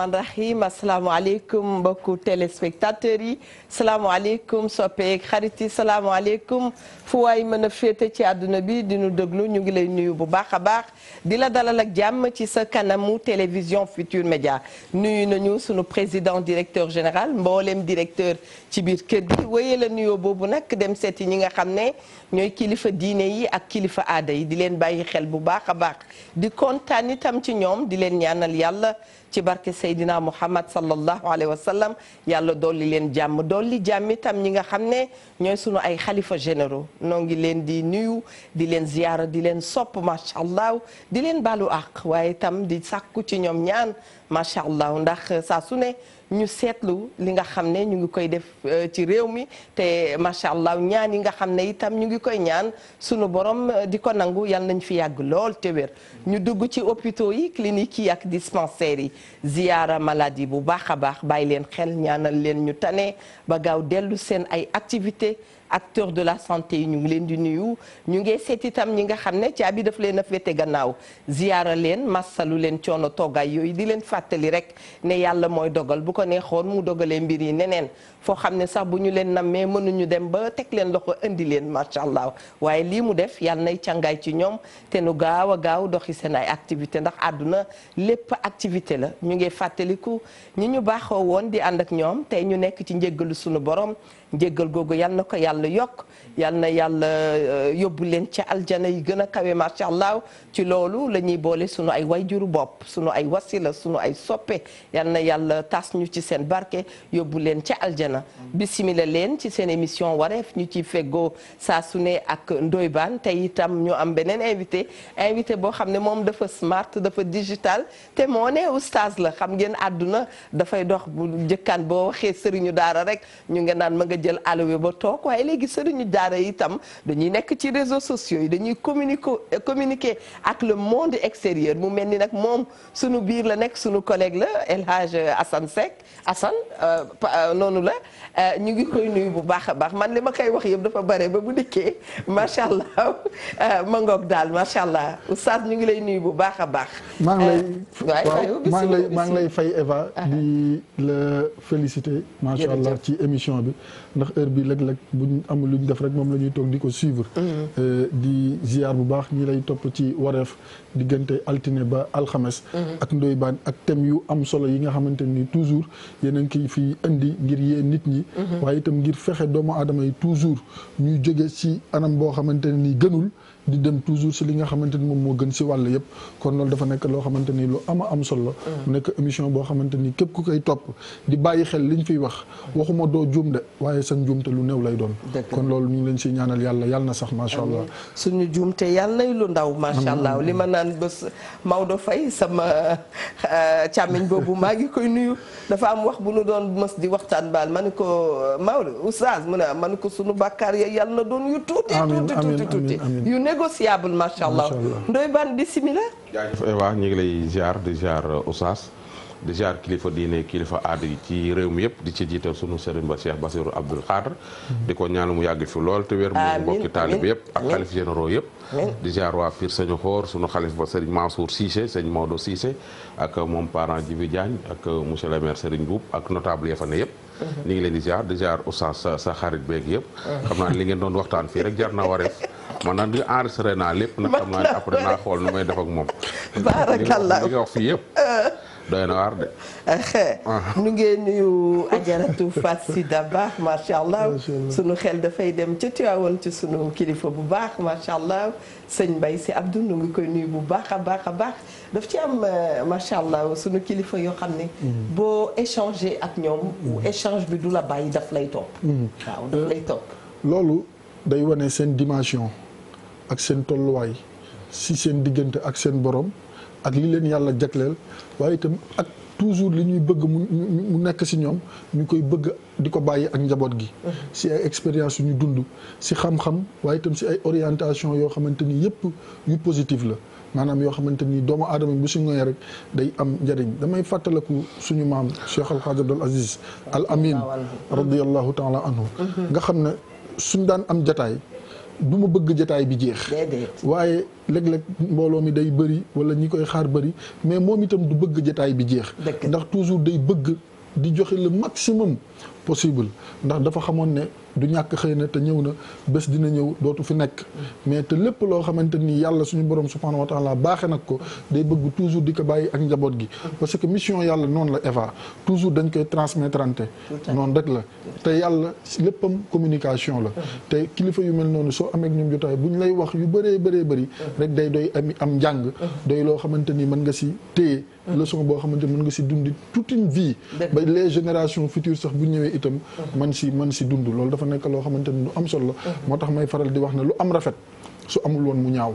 rahman rahim asalaamaaleykum mbokku téléspectateurs yi salaamaaleykum soppeek xarit yi salaamaaleykum fu waay mën a féete ci àdduna bi di nu déglu ñu ngi lay nuyu bu baax a baax di la dalal ak jàmm ci sa kanamu télévision Futur Média nuyu nañu sunu président directeur général mboolem directeur ci biir kër gi wéye la nuyoo boobu nag dem seeti ñi nga xam ne ñooy kilifa diine yi ak kilifa aada yi di leen bàyyi xel bu baax a baax di kontaan itam ci ñoom di leen ñaanal yàlla ci barke Seydina Muhammad sallallahu alayhi wa sallam yàlla dolli leen jàmm dolli jàmm itam ñi nga xam ne ñooy sunu ay xalifa généraux noo ngi leen di nuyu di leen ziyaara di leen sopp macha allah di leen balu àq waaye itam di sakku ci ñoom ñaan macha allah ndax saa su ne. ñu seetlu li nga xam ne ñu ngi koy def euh, ci réew mi te macha allah ñaan yi nga xam ne itam ñu ngi koy ñaan sunu borom euh, di ko nangu yal nañ fi yàgg lool te wér ñu dugg ci hôpitaux yi cliniques yi ak dispensaires yi ziyaara maladie bu baax a baax bàyyi leen xel ñaanal leen ñu tane ba gaaw dellu seen ay activités acteur de la santé yi ñu ngi leen di nuyu ñu ngi seet itam ñi nga xam ne caabi daf leen a féete gannaaw ziyaara leen massalu leen coono toggaay yooyu di leen fàttali rek ne yàlla mooy dogal bu ko neexoon mu dogalee mbir yi neneen foo xam ne sax bu ñu leen nammee mënuñu dem ba teg leen loxo indi leen macha allah waaye lii mu def yàlla nay càngaay ci ñoom te nu gaaw a gaaw doxi seen ay activité ndax àdduna lépp activité la ñu ngi fàttaliku ñi ñu baaxoo woon di ànd ak ñoom tey ñu nekk ci njéggalu sunu borom njéggal googu yal na ko yàlla yokk yal na yàlla euh, yóbbu leen ci aljana yi gën a kawe macha allah ci loolu la ñuy boole sunu ay way juru bopp sunu ay wasila sunu ay soppe ya na yàlla tas ci seen barke yóbbu ci aljana na bisimila leen ci seen émission wareef ñu ci feggoo saa su ne ak Ndoye Bane tey itam ñu am beneen invité invité boo xam ne moom dafa smart dafa digital te moo ne oustaz la xam ngeen àdduna dafay dox bu njëkkaan boo waxee sëriñu daara rek ñu nga naan ma nga jël alowe ba toog waaye léegi sëriñu daara itam dañuy nekk ci réseaux sociaux yi dañuy communiquer communiquer ak le monde extérieur mu mel ni nag moom sunu biir la nekk sunu collègue la El Hadj Assane Euh, ñu ngi koy nuyu bu baax a baax man li ma koy wax yëpp dafa bare ba bu dikkee macha allah euh, ma daal macha allah oustaz ñu ngi lay nuyu bu baax a baax. maa ngi lay euh, waaw maa ngi lay maa ngi lay fay Eva. Ah. di la féliciter. macha allah ci émission bi. ndax heure bi léeg-léeg buñ amul lu ñu def rek moom la ñuy toog di ko suivre mm. euh, di ziar bu baax ñi lay topp ci wareef diggante altine ba alxames mm. ak ndoy baan ak tem yu am solo yi nga xamante ni toujours yeneen kii fi indi ngir yee nit ñi mm-hmm. waaye itam ngir fexe doomu aadama yi toujours ñuy jóge ci anam boo xamante ne ni gënul di dem toujours si li nga xamante ni moom moo gën si wàll yëpp kon loolu dafa nekk loo xamante ni lu ama am solo mu mm. nekk émission boo xamante ni képp ku koy topp di bàyyi xel li liñ fiy wax waxuma doo juum de waaye sa njuumte lu néew lay doon kon loolu ñu ngi leen si ñaanal yàlla yàlla na sax macha allah suñu juumte yàlla lu ndaw macha allah li ma naan bés Maodo Faye sama euh, càmmiñ boobu maa ngi koy nuyu dafa am wax bu nu doon mës di waxtaan baal ma ni ko euh, Maodo oustaz mu ne ma ni ko suñu bàkkaar ya yàlla na doon négociable macha allah. ndoy ban bisimila. jaajëf Eva ñu ngi lay ziar di jaar Oustaz di jaar kilifa diine kilifa aada yi ci réew mi yëpp di ci jiital sunu sëriñ ba Cheikh Bassirou Abdoul Khadr mm-hmm. di ko ñaanal mu yàgg fi lool te wér mu mbokki taalib yëpp ak xalif généraux yëpp. di jaar waa Pire Sañu Xoor sunu xalif ba sëriñ Mansour Cissé sëñ Maodo Cissé ak moom parent Djibi Diagne ak monsieur le maire Serigne Boub ak notable ya fa ne yëpp. Mm-hmm. ñu ngi leen di jaar di ziar Oustaz sa xarit beeg yëpp. Mm-hmm. xam naa li ngeen doon waxtaan fii rek jar naa wareef. man nag bi enregistré naa lépp nag xam naa ne après naa xool nu may def moom. baarakallah li nga wax fii yëpp. doy na waar de. nu ah. ngeen nuyu ajaratu Faat si Daba macha allah. sunu xel dafay dem ca Tiwaawan ci sunu kilifa bu baax macha allah. sëñ Mbaye si Abdou nu ngi bu baax a baax a baax daf ci am euh, macha allah sunu kilifa yoo xam ne. Mm. boo échanger ak ñoom. Mm. échange bi du la bàyyi daf lay topp. Mm. Euh, day wone seen dimension ak seen tolluwaay si seen diggante ak seen borom ak li leen yàlla jagleel waaye itam ak toujours li ñuy bëgg mu nekk si ñoom ñu koy bëgg di ko bàyyi ak njaboot gi mhm. si ay expérience yu ñu dund si xam-xam waaye itam si ay orientation yoo xamante ni yëpp yu positif la maanaam yoo xamante ni doomu aadama bu si ngoyee rek day am njëriñ damay fàttaleku suñu maam Cheikh Al Hadj Abdul Al Amin radiallahu taala anhu mhm. nga xam ne suñ daan am jataay du ma bëgg jataay bi jeex waaye léeg-léeg mbooloo mi day bëri wala ñi koy xaar bëri mais moom itam du bëgg jataay bi jeex ndax toujours day bëgg di joxe le maximum possible ndax dafa xamoon ne du ñàkk xëy na te ñëw na bés dina ñëw dootu fi nekk mais te lépp loo xamante ni yàlla suñu borom subhanahu wa taala baaxe nag ko day bëgg toujours di ko bàyyi ak njaboot gi parce que mission yàlla noonu la Eva toujours dañ koy transmettre ante noonu rek la te yàlla léppam communication la te kilifa yu mel noonu soo amee ak ñoom jotaay bu ñu lay wax yu bëree bëree bëri rek day doy am am njàng doy loo xamante ni mën nga si téye Euh, leçon boo xamante mën nga si dundi toute une vie ba les génération futures sax bu ñëwee itam man si man si dund loolu dafa nekk loo xamante ni lu am solo moo tax may faral di wax ne lu am rafet su amul woon mu ñaaw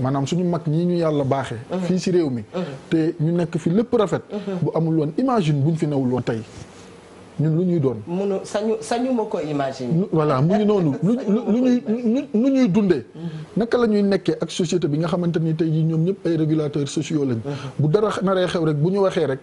maanaam suñu mag ñii ñu yàlla baaxee uh-huh. fii si réew mi uh-huh. te ñu nekk fi lépp rafet uh-huh. bu amul woon imagine buñ fi nawul woon tey ñun lu ñuy doon. munu sañu sañu ma ko imaginer. voilà mu ngi noonu lu lu ñuy lu ñuy dundee. Mm-hmm. naka la ñuy nekkee ak société bi nga xamante ni tey jii ñoom ñëpp ay régulateurs sociaux lañ. Mm-hmm. bu dara naree xew rek bu ñu waxee rek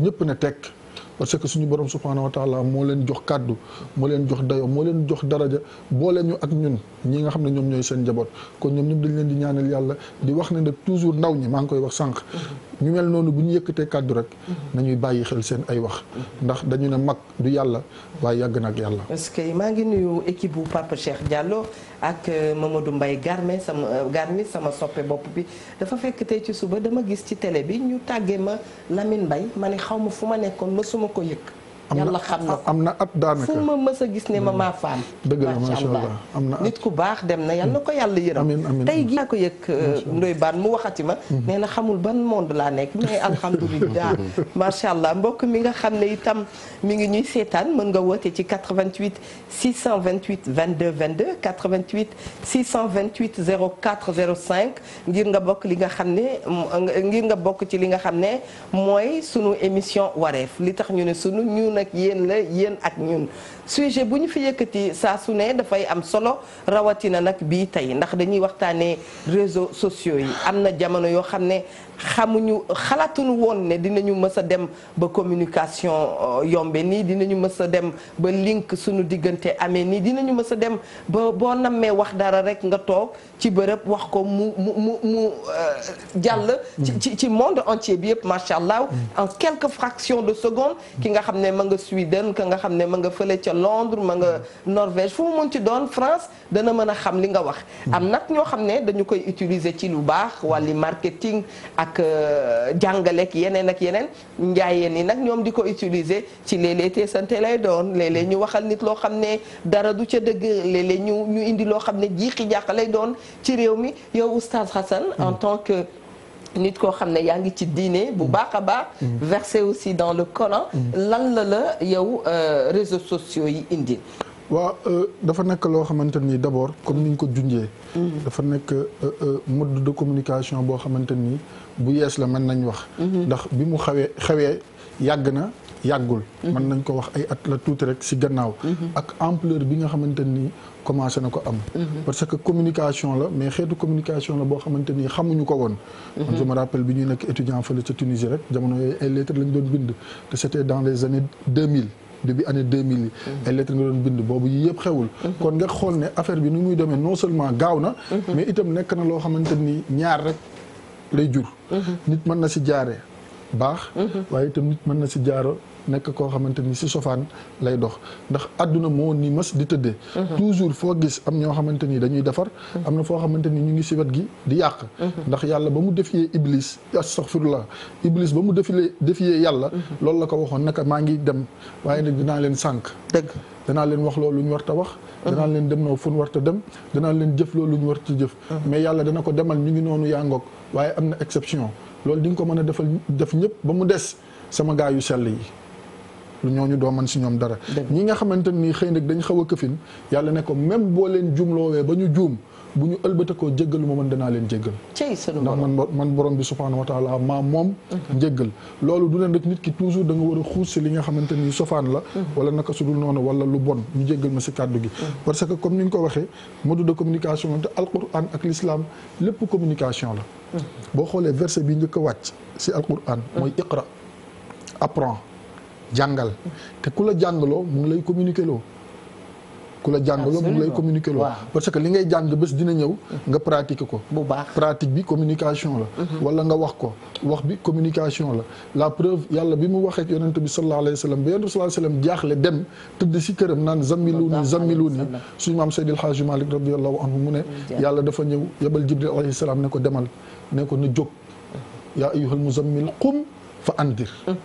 ñëpp na tekk. parce que suñu borom subhaanahu wa taala moo leen jox kàddu moo leen jox dayo moo leen jox daraja boole ñu ak ñun ñi nga xam ne ñoom ñooy seen njaboot kon ñoom ñëpp dañ leen di ñaaneel yàlla di wax ne nag toujours ndaw ñi maa ngi koy wax sànq. Mm-hmm. ñu mel noonu bu ñu yëkkatee kàddu rek mhm. nañuy bàyyi xel seen ay wax mhm. ndax dañu ne mag du yàlla waaye yàgg na ak yàlla parce que maa ngi nuyu équipe bu Pape Cheikh jàlloo ak euh, Mamadou mbay Garme sama euh, Garmi sama soppe bopp bi dafa fekk tey ci suba dama gis ci tele bi ñu tàggee ma Lamine mbay ma ne xaw ma fu ma nekkoon ma ko yëkk yàlla xam na am na at daanaka fu ma mës a gis ne ma ma faam. dëgg la macha allah am na nit ku baax dem na yàlla na ko yàlla yërëm. amiin amiin tey gi ko yëg euh, Ndoye Bane mu waxati ma. Mhm. nee na xamul ban monde laa nekk mais alhamdulilah. macha allah mbokk mi nga xam ne itam mi ngi ñuy seetaan mën nga woote ci 88 628 22 22 88 628 04 05 ngir nga bokk li nga xam ne ngir nga bokk ci li nga xam ne mooy sunu émission wareef li tax ñu ne sunu ñu nag yéen la yéen ak ñun sujet bu ñu fi yëkkati saa su ne dafay am solo rawatina nag bii tey ndax dañuy waxtaanee réseaux sociaux yi am na jamono yoo xam ne xamuñu xalaatuñu woon ne dinañu mës a dem ba communication euh, yombe nii dinañu mës a dem ba link suñu diggante amee nii dinañu mës a dem ba boo nammee wax dara rek nga toog ci bërëb wax ko mu mu mu euh, jàll. ci ci ci monde entier bi yëpp macha allah. en quelque fraction de seconde. ki nga xam ne mën nga Suède ka nga xam ne mën nga fële ca Londres ma nga Norvège fu mu mën ci doon France dana mën a xam li nga wax. am nag ñoo xam ne dañu koy utiliser ci lu baax wàlli ak euh, jàngale ak yeneen ak yeneen njaayeen yi nag ñoom di ko utiliser ci léeg-léeg te lay doon léeg ñu waxal nit loo xam ne dara du ca dëgg léeg ñu ñu indi loo xam ne jiixi jàq lay doon ci réew mi yow oustaz Hassan mm. en tant que nit koo xam ne yaa ngi ci diine bu mm. baax a baax mm. versé aussi dans le Coran lan la la yow euh, réseaux sociaux yi indi waaw euh, dafa nekk loo xamante ni comme ni ñu ko junjee dafa nekk mode de communication boo xamante bu yees la mën nañ wax mhm. ndax bi mu xawee yàgg na yàggul mhm. mën nañ ko wax ay at la tuuti rek si gannaaw mhm. ak ampleur bi nga xamante ni commencé na ko am parce que communication la mais xeetu communication la boo xamante ni xamuñu ko woon man je me bi ñuy nekk étudiant fële ca Tunisie rek jamono yooyu ay lettres lañ doon bind te c'était dans les années 2000 début année 2000 yi ay lettres nga doon bind boobu yi yëpp xewul kon nga xool bi ni muy demee non seulement na mais itam nekk na lay jur. nit mën na si jaaree baax. waaye itam mën na si jaaro nekk koo xamante ni si sofaan lay dox ndax àdduna moo ni mës di tëddee. toujours foo gis am ñoo xamante ni dañuy defar. am na foo xamante ni ñu ngi si wet gi di yàq. ndax yàlla ba mu defiyee iblis la iblis ba mu defile defiyee yàlla. loolu la ko waxoon naka maa ngi dem waaye nag dinaa leen sànq. dëgg danaa leen wax loolu lu ñu war ta wax. danaa leen dem noo fu ñu war ta dem danaa leen jëf loolu lu ñu war ta jëf. mais yàlla dana ko demal ñu ngi noonu yaa waaye am na exception loolu di ko mën a defal def ñëpp ba mu des sama gaa yu sell yi lu ñooñu doo man si ñoom dara ñi nga xamante nii xëy nag dañ xaw a këfin yàlla ne ko même boo leen jumloowee ba ñu juum bu ñu ëlbatakoo jéggalu ma man danaa leen jéggal ndax man man borom bi subhanahu wa taala maa moom njéggal loolu du leen rek nit ki toujours da nga war a xuus si li nga xamante ni sofaan la wala naka sudul noonu wala lu bon ñu jéggal ma si kàddu gi parce que comme ni nga ko waxee mode de communication te alquran ak l'islam lépp communication la boo xoolee verset bi njëkk a wàcc si alquran mooy iqra apprends jàngal te ku la jàngaloo mu ngi lay loo ku la jàng loo mu lay communiquer loo parce que li ngay jàng bés dina ñëw nga pratiquer ko pratique bi communication la mhm. wala nga wax ko wax bi communication la la preuve yàlla bi mu waxee yonent bi sallallahu alayhi wa sallam ba yonent bi sallallahu alayhi wa sallam jaaxle dem tëdd si këram naan zammiluuni zammiluuni suñu maam Seydi El Hadji Malick radiyallahu anhu mu ne yàlla dafa ñëw yebal Jibril ne ko demal ne ko na jóg yaa ayyuhal muzammil qum fa andir mhm.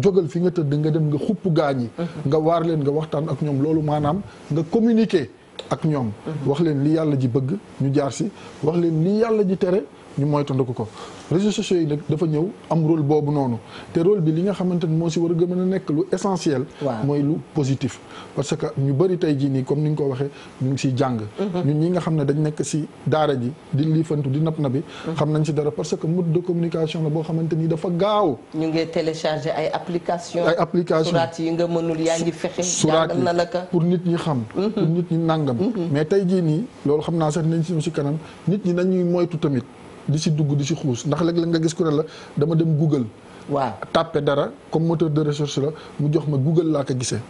jógal fi nga tëdd nga dem nga xupp gaa ñi mhm. nga waar leen nga waxtaan ak ñoom loolu maanaam nga communiquer ak ñoom mhm. wax leen li yàlla ji bëgg ñu jaar si wax leen li yàlla ji tere ñu moytandiku ko réseaux sociaux yi nag dafa ñëw am role boobu noonu te role bi li nga xamante ni moo si war a gën a nekk lu essentiel mooy lu positif parce que ñu bëri tey jii nii comme ni nga ko waxee ñu ngi siy jàng mhm. ñun ñi nga xam ne dañ nekk si daara ji di liifantu di nap na bi mhm. xam nañ si dara parce que mode de communication la boo xamante ni dafa gaaw ñu ngi télécharger ay application ay application suraat yi nga mënul yaa ngi fexe suraat na la ka pour nit ñi xam mhm. pour nit ñi nàngam mais tey jii nii loolu xam naa sax nañ si kanam nit ñi nañuy moytu tamit di si dugg di si xuus ndax léeg la nga gis ku ne la dama dem Google. waaw tàppe dara comme moteur de recherche la mu jox ma Google laa ko gisee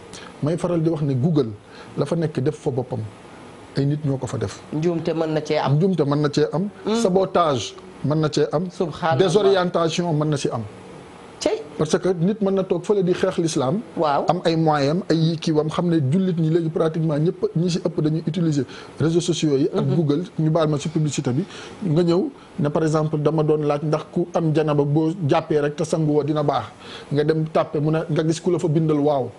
may faral di wax ne Google la fa nekk def fa boppam ay nit ñoo ko fa def. njuumte mën na cee am njuumte mën na cee am. Hmm. sabotage mën na cee am. subxanahu désorientation mën na ci am. parce que nit mën na toog fële di xeex lislaam waaw am ay moyen ay yi kiiwam xam ne jullit ñi léegi pratiquement ñëpp ñi si ëpp dañuy utiliser réseaux sociaux yi ak mhm. Google ñu baal ma si publicité bi nga ñëw ne par exemple dama doon laaj ndax ku am janaba boo jàppee rek te sangu dina baax nga dem tàppe mu ne nga gis ku la fa bindal waaw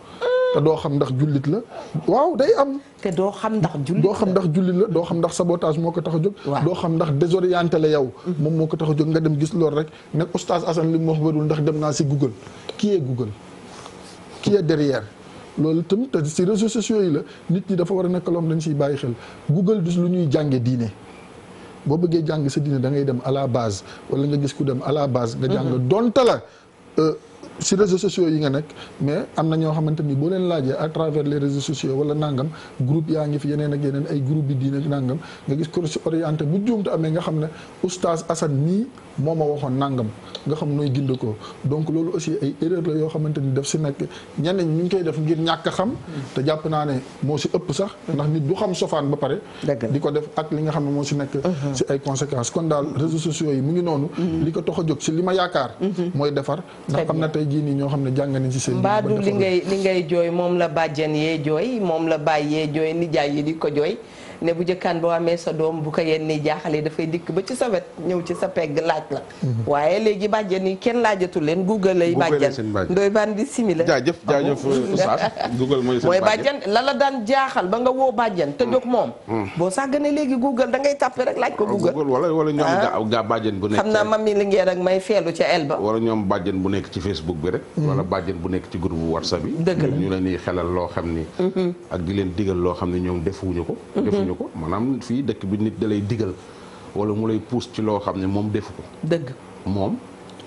te doo xam ndax jullit la waaw day am. te doo xam ndax jullit la doo xam ndax jullit la doo xam ndax sabotage moo ko tax a jóg. doo xam ndax désorienté la yow. Mm-hmm. moom moo ko tax a jóg nga dem gis loolu rek ne oustaz Assane li mu wax wérul ndax dem naa si Google qui est Google qui est derrière. loolu itam te si réseaux sociaux yi la nit ñi dafa war a nekk loom dañ siy bàyyi xel Google du lu ñuy jànge diine boo bëggee jàng sa diine da ngay dem à la base wala nga gis ku dem à la base. nga jàng mm-hmm. donte euh, si réseaux sociaux yi nga nekk mais am na ñoo xamante ni boo leen laajee à travers les réseaux sociaux wala nangam groupe yaa ngi fi yeneen ak yeneen ay groupe bi diine nangam nga gis ko si orienté bu juumte amee nga xam ne oustaz Assane nii moo ma waxoon nangam nga xam nooy gind ko donc loolu aussi ay erreur la yoo xamante ni daf si nekk ñenn ñi ñu ngi koy def ngir ñàkk xam. te jàpp naa ne moo si ëpp sax. ndax nit du xam sofaan ba pare. di ko def ak li nga xam ne moo si nekk. Uh-huh. si ay conséquences kon daal réseaux sociaux yi mu ngi noonu. Uh-huh. li ko tax a jóg si li ma yaakaar. Uh-huh. mooy defar ndax am na tey jii nii ñoo xam ne jàng nañ si seen. ba li ngay li ngay jooy moom la bàjjen yee jooy moom la bàyyi yee nijaay yi di ko jooy. ne bu jëkkaan boo amee sa doom bu ko yenn ni jaaxalee dafay dikk ba ci sa wet ñëw ci sa pegg laaj la mhm. waaye léegi bàjjen yi kenn laajatu leen google lay bàjjan ndoy baan di simila jaajëf jaajëf oustaz google mooy seen bàjjan la la daan jaaxal ba nga woo bàjjan te jóg moom mm, mm. boo sàggane léegi google da ngay tàppe rek laaj ko google wala wala ñoom ah. gaa bàjjen bu nekk xam naa mami li ngeen ak may feelu ca el ba wala ñoom bàjjen bu nekk ci facebook bi rek mm. wala bàjjen bu nekk ci groupe bu whatsapp bi dëgg la ñu la di xelal loo xam ni mm-hmm. ak di leen digal loo xam ne ñoom defuñu ko mm-hmm. nañu ko maanaam fii dëkk bi nit da lay digal wala mu lay pousse ci loo xam ne moom defu ko. dëgg moom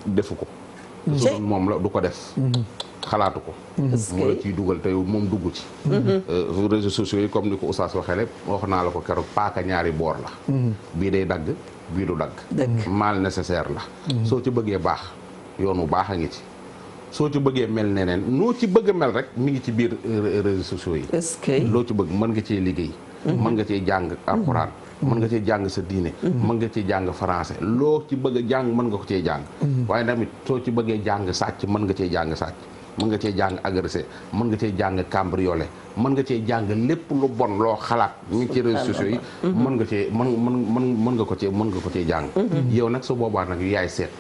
defu ko. Mm-hmm. su doon moom la du ko def. Mm-hmm. xalaatu ko. moo mm-hmm. la ciy dugal moom dugg ci. Euh, réseaux sociaux yi comme ni ko Oustaz waxee lépp wax naa la ko keroog paaka ñaari boor la. bii day dagg bii du dagg. mal nécessaire la. soo ci bëggee baax yoon wu baax a ngi ci. soo ci bëggee mel neneen loo ci bëgg mel rek mu ngi ci biir euh, réseaux sociaux yi. loo ci bëgg mën nga cee liggéey. Mm-hmm. mën nga cee jàng alxuraan mm-hmm. mën nga cee jàng sa diine mm-hmm. mën nga cee jàng français loo ci bëgg jàng mën nga ko cee jàng waaye tamit soo ci bëggee jàng sàcc mën nga cee jàng sàcc mën nga cee jàng agressé mën nga cee jàng cambriolé mën nga cee jàng lépp lu bon loo xalaat ñu ci réseaux sociaux yi mën nga cee mën mën mën mën nga ko cee mën nga ko cee jàng yow nag su boobaa nag yaay seet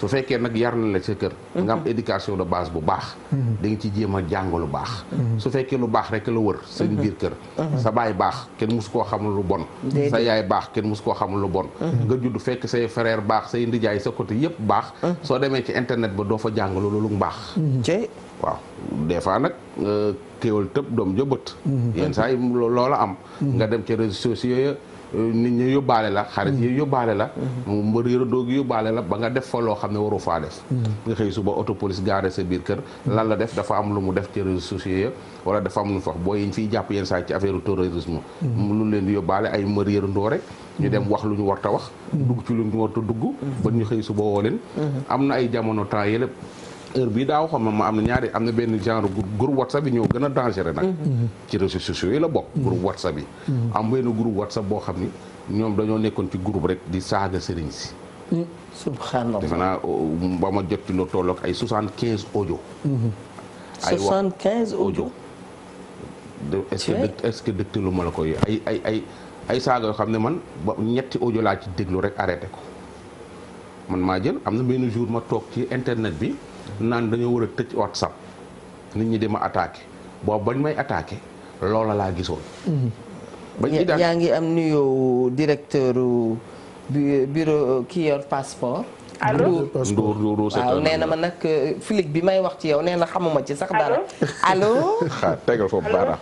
su fekkee nag yar na la sa kër mhm. nga am éducation de base bu baax mhm. da nga ci jéem a jàng lu baax mhm. su fekkee lu baax rek la wër seen biir kër sa baay baax kenn mosu koo xamul lu bon sa yaay baax kenn mosu koo xamul lu bon nga judd fekk say frère baax say ndijaay sa côté yëpp baax soo demee ci internet ba doo fa jàng loolu lu baax waaw des fois nag kéwal euh, tëb doom jëbët yenn saa yi loola am nga dem ci réseaux sociaux ya Euh, nit ñi yóbbaale la xarit yi mm-hmm. yóbbaale la mm-hmm. mbër yërëndoo gi yóbbaale la ba nga def fa loo xam ne waru faa def mm-hmm. nga xëy suba auto police garé sa biir kër lan la def dafa am lu mu def ci réseaux sociaux ya wala dafa am lu mu fax boo yiñ fiy jàpp yenn saa ci affaire terrorisme lu leen di yóbbaale ay mbër yërëndoo rek ñu dem wax lu ñu warta wax dugg ci lu ñu warta dugg ba ñu xëy suba woo leen am na ay jamono temps yële heure bii daaw xam ma am na ñaari am na benn genre groupe whatsapp yi ñoo gën a dangereux nag ci réseaux sociaux yi la bokk groupe whatsapp yi am benn groupe whatsapp boo xam ni ñoom dañoo nekkoon ci groupe rek di saaga sëriñ si hmm, subhanallah defe naa euh, ba ma jot ci lu tolloog ay soixante quinze audio hmm. ay quinze audio est-ce que est ma la koy ay ay ay ay saaga yoo xam ne man ba ñetti audio laa ci déglu rek arrêté ko man maa jël am na benn jour ma toog ci internet bi naan dañoo war a tëj WhatsApp nit ñi di ma attaqué boobu may attaqué loola laa gisoon. bañ yaa ngi am nuyoo directeur bureau ki yor passeport. allo Ndour Ndour waaw ma nag flic euh, bi may wax ci yow nee na xamuma ci sax dara. allo ah tegal foofu baaraam.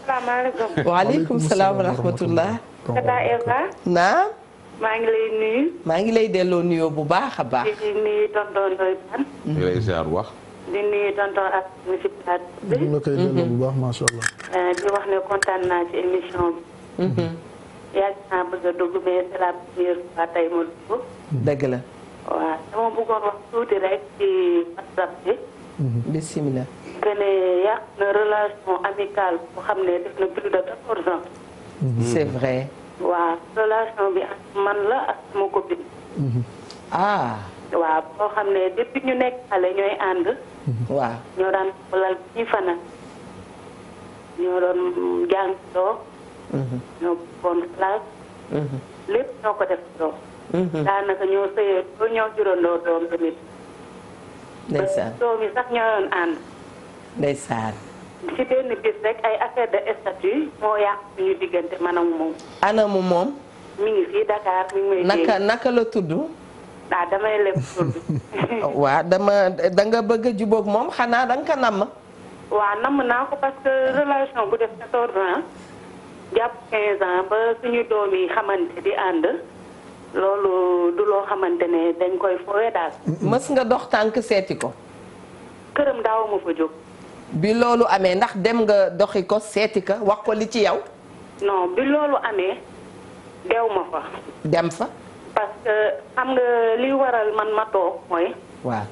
ngi lay delloo nuyoo bu baax a baax. wax. di nuyu tonton ak monsieur Pape. ñu ngi la koy mhm. delloo bu baax macha allah. Euh, di wax ne kontaan naa ci émission bi. Mhm. yàgg naa bëgg a dugg la première fois tey ma dugg. Mhm. dëgg la. waaw dama bëggoon wax tuuti rek ci WhatsApp bi. bisimilah. que ne yàq na relation amicale boo xam ne def na plus de quatorze ans. c'est vrai. waaw relation bi ak man la ak sama copine. ah. waaw boo xam ne depuis ñu nekk xale ñooy ànd. Mhm. waaw ñoo daan xoolal ci fana ñoo doon jàngandoo. Mhm. ñoo bokkoon classe. Mhm. lépp ñoo ko def doom. daanaka ñoo sëyee doo ñoo tamit. ndeysaan doom yi sax ñoo doon ànd. ndeysaan. ci benn bis rek ay affaire de statut moo yàq suñu diggante man ak moom. anamu moom. mi ngi fii Dakar naka naka la tudd. ah damay leb tur bi. dama da bëgg a jubóog moom xanaa da ko nam waaw namm naa ko parce que relation bu def 14 ans jàpp 15 ans ba suñu doom yi xamante di ànd loolu du loo xamante ne dañ koy fowe daal. mës nga dox tànk seeti ko. këram daaw ma fa bi loolu amee ndax dem nga doxi ko seeti ko wax ko li ci yow. non bi loolu amee dew ma fa. dem fa. parce que xam nga li waral man ma toog mooy. waa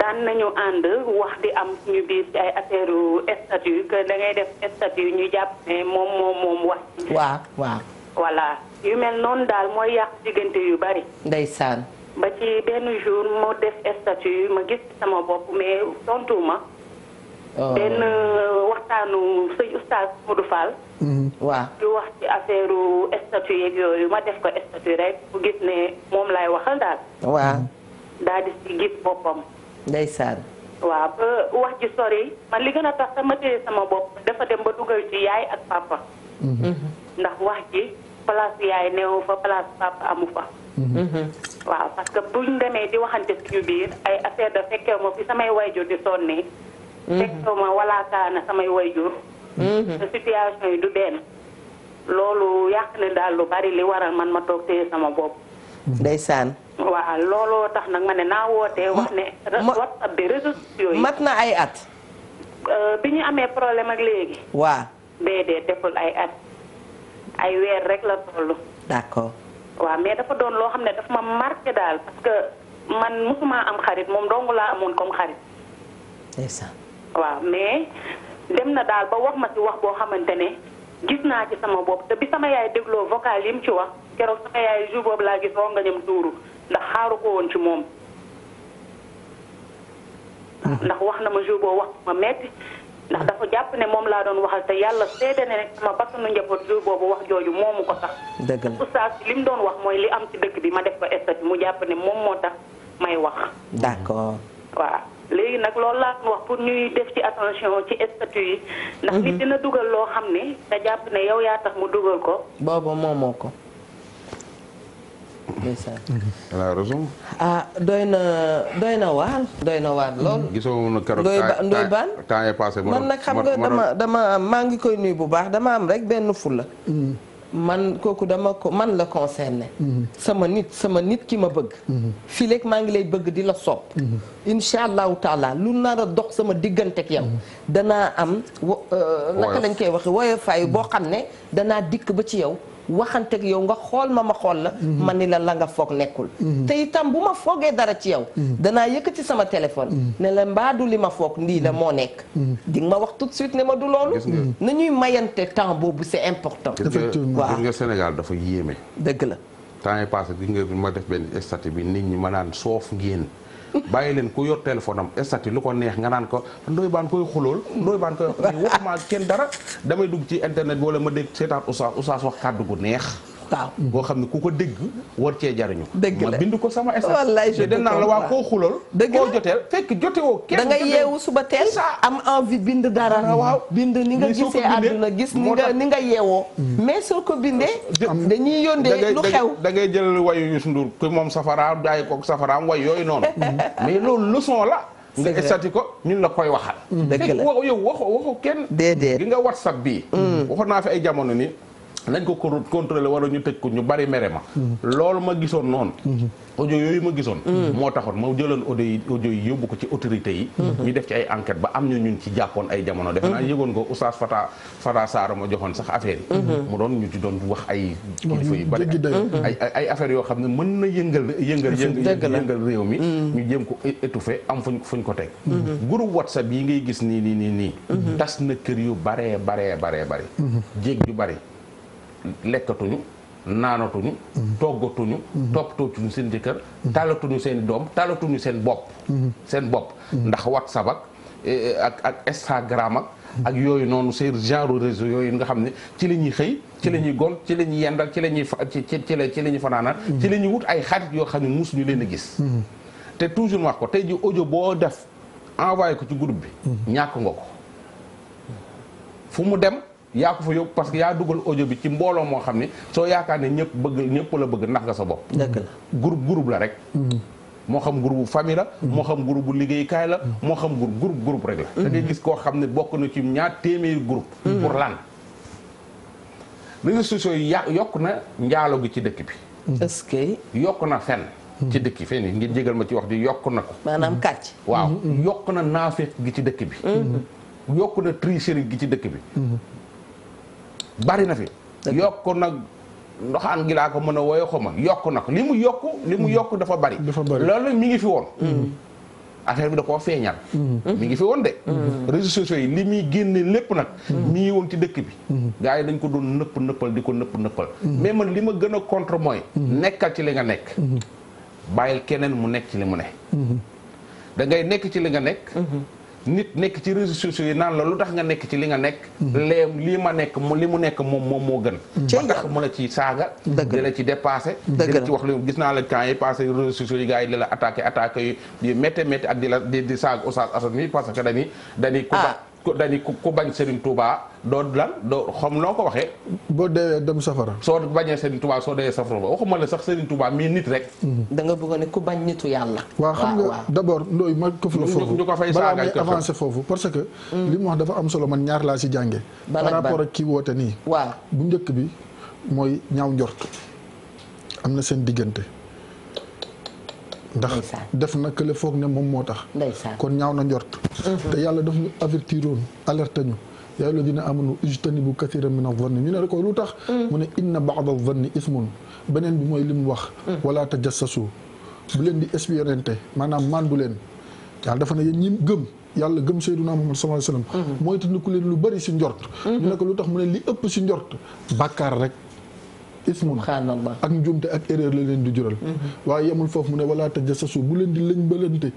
daan nañu ànd wax di am suñu biir ci ay affaire statut que da ngay def statut ñu jàpp ne moom moom moom wax. waaw waaw. voilà yu mel noonu daal mooy yàq diggante yu bari. ndeysaan. ba ci benn jour moo def statut ma gis sama bopp mais tontu Oh. benn euh, waxtaanu sëñ oustaz Modou Fall. Mm-hmm. waaw ñu wax ci affaire statut yeeg yooyu ma def ko statut rek bu gis ne moom laay waxal daal. waaw. Mm-hmm. daa di si gis boppam. ndeysaan. waaw ba wax ji sori man li gën a tax sama téye sama bopp dafa dem ba dugal ci yaay ak papa. Mm-hmm. ndax wax ji place yaay neewu fa place papa amu fa. waaw parce que buñ demee di waxante suñu biir ay affaire da fekkee moom fi samay wayjur di sonnee. fekkoo mm-hmm. ma walaakaana samay wayjur mm-hmm. te situation yi du benn loolu yàq na daal lu bari li waral man ma toog téye sama bopp mm-hmm. ndeysaan waaw looloo tax nag ma ne naa wootee wax ne WhatsApp sociaux yi mat na ay at euh, bi ñu amee problème ak léegi waa déedéet deful ay at ay weer rek la toll d'accord waaw mais dafa doon loo xam ne dafa ma marqué daal parce que man mosuma am xarit moom dong laa amoon comme xarit waaw mais dem na daal ba wax ma ci wax boo xamante ne gis naa ci sama bopp te bi sama yaay dégloo vocal yi ci wax keroog sama yaay jour boobu laa gis nga ñam tuuru ndax xaaru ko woon ci moom. Hmm. ndax wax na ma jour boobu wax ma ndax dafa jàpp ne moom laa doon waxal te yàlla seede ne njaboot jour wax jooju moomu ko sax. dëgg u oustaz li mu doon wax mooy li am ci dëkk bi ma def ko état mu jàpp ne moom moo tax may wax. d'accord waaw. léegi nag loolu laa wax pour ñuy def ci attention ci statut yi. ndax nit mhm. dina dugal loo xam ne te jàpp ne yow yaa tax mu dugal ko. boobu moomoo ko. a ah doy na doy na waar. doy na waar lool. Mhm. gisoo na keroog ndoy baan man nag xam nga dama dama maa ngi koy nuyu bu baax dama am rek benn fula. Mhm. man kooku dama ko man la concerné. sama nit sama nit ki ma bëgg. fii léegi maa ngi lay bëgg di la sopp. incha allahu taala lu nar a dox sama diggante ak yow. danaa am. Euh, naka lañ koy waxee woyofaayu boo xam ne danaa dikk ba ci yow. waxanteeg yow nga xool ma ma xool la mhm. man ni la la nga foog nekkul mhm. te itam bu ma foogee dara ci yow mhm. danaa yëkk ci sama téléphone ne la mbaadu li ma foog ndii la moo nekk di nga ma wax tout suite ne ma du loolu na ñuy mayante temps boobu c'est important waaw nga Sénégal dafa yéeme dëgg la temps yi passé gi nga ma def benn statut bi nit ñi ma naan soof ngeen bàyyi leen ku yor téléphone am statut lu ko neex nga naan ko ndoy baan koy xulool ndoy baan koy waxumaa kenn dara damay dugg ci internet bi wala ma dégg seetaan oustaz oustaz wax kàddu gu neex waaw boo xam ne ku ko dégg war cee jariñu dëgg la ma bind ko sama essai wallaay je dem naa la waa koo xulool dëgg koo joteel fekk jotewoo kenn da nga yeewu suba teel am envie bind dara ah, waaw bind ni nga gisee àdduna gis ni nga ni nga yeewoo hmm. mais soo ko bindee dañuy yóndee lu xew da ngay jël wayu Youssou Ndour ku moom hmm. la nga la koy waxal hmm. dëgg la yow waxo waxo kenn déedéet gi nga whatsapp bii waxoon naa fi ay jamono ni nañ ko ko contrôlé wala ñu tëj ko ñu bari mere ma. loolu ma gisoon noonu. audio yooyu ma gisoon. moo taxoon ma jëloon audio yi yi yóbbu ko ci autorité yi. ñu def ci ay enquête ba am ñu ñun ci ay jamono. def naa yëgoon ko Oustaz Fata Fata Saara ma joxoon sax affaire mu doon ñu ci doon wax ay. kilifa yu bari ay ay affaires yoo xam ne mën na yëngal yëngal. yëngal réew mi. Mm. ñu jëm ko étouffé am fuñ fuñ ko teg. Mm-hmm. groupe WhatsApp yi ngay gis nii nii nii nii. Mm-hmm. tas na kër yu baree baree baree mm-hmm. bari. jéeg yu bari. lekkatuñu naanatuñu toggatuñu toppatootuñu seen jëkkër taalatuñu seen i doom taalatuñu seen bopp seen bopp ndax whatsapp ak e, e, ak ak instagram ak yooyu noonu seen genre réseau yooyu nga xam ne ci la ñuy xëy ci la ñuy gon ci la ñuy yendal ci la ñuy ci ci la ci la ñuy fanaanal ci la wut ay xarit yoo xam ne musuñu leen a gis te toujours wax ko tey ji audio boo def envoyé ko ci groupe bi ñàkk nga ko fu mu dem yaa ko fa yóbbu parce que yaa dugal audio bi ci mbooloo moo xam ne soo yaakaar ne ñëpp bëgg ñëpp la bëgg nax nga sa bopp. dëgg la groupe groupe la rek. Mm-hmm. moo xam groupe bu famille mm-hmm. moo xam groupe liggéey kaay la. Mm-hmm. moo xam groupe groupe groupe rek la. da ngay gis koo xam ne bokk na ci ñaar téeméeri groupe. pour lan réseaux sociaux yi ya yokk na njaalo gi ci dëkk bi. est-ce yokk na fenn. ci dëkk yi ngir jégal ma ci wax ji yokk na ko. maanaam waaw yokk na naafeq gi ci dëkk bi. yokk na tricherie gi ci dëkk bi. bari na fi. yokk nag ndoxaan gi laa ko mën a woyoo ko ma yokk nag li mu yokk li mu mm. yokk dafa bari. loolu mi ngi fi woon. Mm. affaire bi da koo feeñal. Mm. mi ngi fi woon de. réseaux sociaux yi li muy génne lépp nag. mi ngi woon ci dëkk bi. gars yi dañ ko doon nëpp nëppal di ko nëpp nëppal. mais man li ma gën a contre mooy. nekkal ci li nga nekk. bàyyil keneen mu nekk ci li mu ne. da nekk ci li nga nekk. Mm-hmm. nit nekk ci réseaux sociaux yi naan la lu tax nga nekk ci li nga nekk. Mhm. lii ma nekk mu li mu nekk moom moom moo gën. Mhm. ba tax mu la ci saaga. dëgg la ci dépassé. dëgg la ci wax lu gis naa la temps yi passé réseaux sociaux yi gars yi di la attaqué attaqué yu méttee ak di la di di saaga Oustaz Assane mi parce que dañuy dañuy. ah dañu ku bañ Serigne Touba doo lan doo xam noo ko waxee. boo deewee dem safara. soo bañee seeni Touba soo deewee safara ba waxuma ne sax Serigne Touba mii nit rek. da nga bëgg ne ku bañ nitu yàlla. waa xam nga d' abord ndooy ma këf la foofu ñu ko fay balaa may avancé foofu parce que. li mu wax dafa am solo man ñaar laa si jànge par rapport ak kii woote nii. waaw bu njëkk bi mooy ñaaw njort am na seen diggante. ndax def na kële foog ne moom moo tax kon ñaaw na njort mhm. te yàlla daf ñu avertir woon alerte ñu yaa alladina amanu ijtanibu kathiran min az-zanni ñu ne ko lu tax mm. mu ne inna ba'da az-zanni ismun beneen bi mooy li mu wax mm. wala tajassasu bu leen di espionnante maanaam mandu leen yàlla dafa ne yéen ñi gëm yàlla gëm Seydina Muhammad sallallahu alayhi wasallam mm-hmm. mooy tandiku leen lu bari si njort mm-hmm. ñu ne ko lu tax mu ne li ëpp si njort bàkkaar rek ismun ak njuumte ak erreur la leen di jural mhm. waaye yemul foofu mu ne walaa taja sasu bu leen di lëñ balante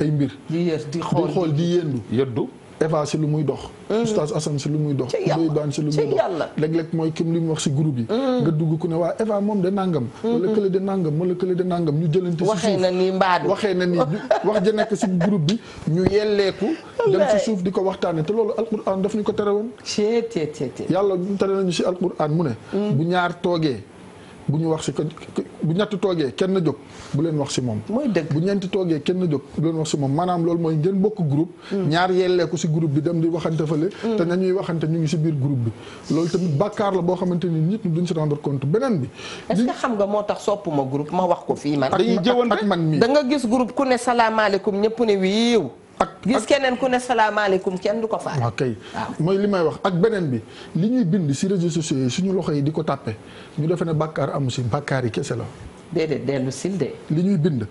ay mbir di xool di yendu Eva mm. si lu muy dox. Oustaz lu muy dox. yàlla daan si lu muy dox léeg-léeg mooy kim li mu wax si groupe yi. Mm. nga dugg ku ne waa Eva moom de nangam. wala kële de nangam wala kële de nangam ñu jëlante si suuf waxee na ni mbaadu waxee na ni wax ja nekk si groupe bi ñu yelleeku. dem si suuf di ko waxtaanee te loolu al alquran daf ñu ko tere woon. yàlla tere nañu si alquran mu ne. Mm. bu ñaar toogee. bu ñu wax si ko bu ñetti toogee kenn jóg bu leen wax si moom. mooy dëgg bu ñeenti toogee kenn jóg bu leen wax si moom maanaam loolu mooy ngeen bokk group mm. ñaar yelleeku si group bi dem di waxante fële. Mm. te ñuy waxante ñu ngi si biir groupe bi. loolu tamit bàkkaar la boo xamante ni nit ñi duñ si rendre compte beneen bi. est xam nga moo tax soppuma groupe wax ko fii man. dañuy jëwoon rek ak man mii da nga gis group ku ne salaamaaleykum ñëpp ne wiiw. ak gis keneen ku ne salaamaaleykum kenn du ko faale. waaw mooy li may wax ak beneen bi li ñuy bind si réseaux sociaux yi suñu loxo yi di ko tàppe ñu defe ne bàkkaar amu si bàkkaar yi kese la. dellu sil de. li ñuy bind.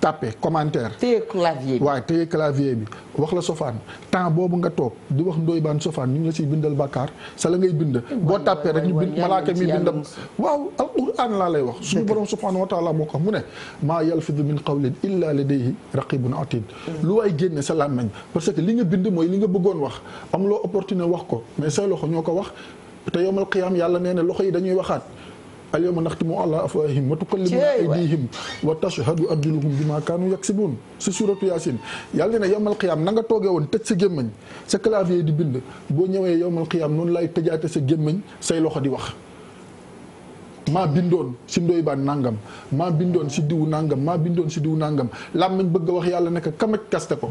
tapé commentaire. téye clavier bi waaw téye clavier bi wax la sofaan temps boobu nga toog di wax ndoy sofaan ñu ngi la bindal bàkkaar sa la ngay bind. boo tapé rek ñu bind malaaka wa taala moo ko mu ne. maa yalfidu min qawlin illa ladayhi raqibun atid lu waay génne sa làmmeñ parce que li nga bind mooy li nga bëggoon wax am loo opportunité wax ko mais say loxo ñoo ko wax te yomal qiyaam yàlla nee loxo yi dañuy waxaat. alyawma naxtimu ala afwahihim wa tukallimuna aydihim wa tashhadu arjuluhum bima kaanu yaksibun si suratu yaasin yàlla ne yowmal qiyaam na nga toogee woon tëj sa gémmañ sa clavier di bind boo ñëwee yowmal qiyaam noonu lay tëjaate sa gémmañ say loxo di wax maa bindoon si ndoy baan nangam maa bindoon si diwu nangam maa bindoon si diw nangam làmmiñ bëgg a wax yàlla ne ko kamaj kaste ko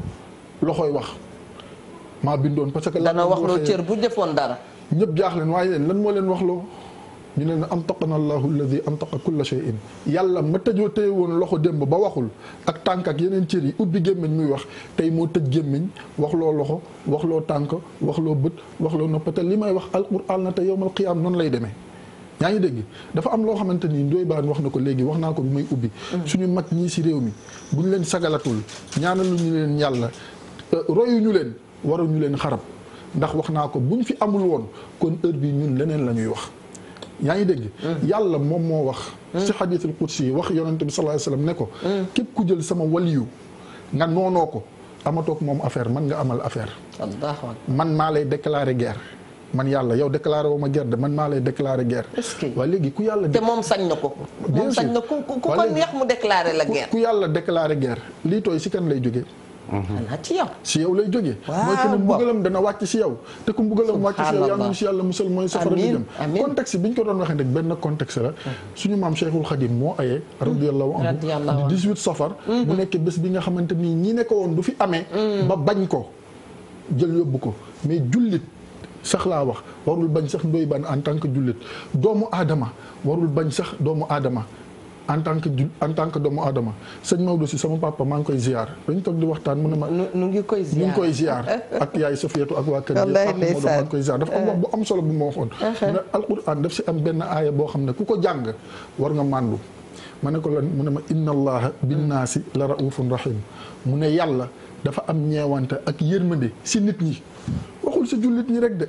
loxooy wax maa bindoon parce que dana wax loo cër bu defoon dara ñëpp jaaxleen lan moo leen wax loo ñu ne na antaqana allahu alladi antaqa kulla shay'in yàlla ma tëjoo téye loxo démb ba waxul ak tànk yeneen cër yi ubbi gémmiñ muy wax tey moo tëj gémmiñ wax loo loxo wax loo tànk wax loo bët wax loo nopp te li may wax alquran na te yowmal qiyaam noonu lay demee yaa ngi dégg dafa am loo xamante ni Ndoye Bane wax na ko léegi wax naa ko bu may ubbi mm. suñu mag ñii si réew mi bu ñu leen sagalatul ñaanalu ñu leen yàlla euh, royu ñu leen waruñu leen xarab ndax wax naa ko bu ñu fi amul woon kon heure bi ñun leneen la ñuy wax yaa ngi dégg yàlla moom moo wax ci xadiisul qudsi yi wax yonente bi sallallahu alayhi wasallam ne ko képp ku jël sama waliyu nga noonoo ko amatoog moom affaire man nga amal affaire man maa lay déclarer guerre man yàlla yow déclaré wu ma guerre de man maa lay déclaré guerre. waaye léegi ku yàlla. te moom sañ na ko. moom sañ na ku ku ko neex mu déclaré la guerre. ku yàlla déclaré guerre lii tooy si kan lay jógee. xanaa ci yow si yow lay jógee mooy que mbugalam dana wàcc si yow te ku mbugalam wàcc si yow yàlla nañu si mooy safara bi dem contexte bi ñu ko doon waxee nag benn contexte la mm. suñu maam Cheikhul Khadim moo ayee radiyallahu anhu di 18 safar mm. mu nekk bés bi nga xamante ni ñi ne ko woon du fi amee mm. ba bañ ko jël yóbbu ko mais jullit sax laa wax warul bañ sax ndoy ban en tant que jullit doomu aadama warul bañ sax doomu aadama en tant que en tant que doomu aadama sëñ Maodo si sama papa maa ngi koy ziar dañ toog di waxtaan mu ne ma. nu ngi koy ziar ngi koy ziar ak yaay Sofiyatu ak waa kër gi. wallaahi ndeysaan maa ngi bu am solo bu ma waxoon. mu ne alquran daf si am benn aaya boo xam ne ku ko jàng war nga màndu. ma ne ko lan mu ne ma inna allaha binnaasi la raufun rahim mu ne yàlla dafa am ñeewante ak yërmande si nit ñi waxul si jullit ñi rek de.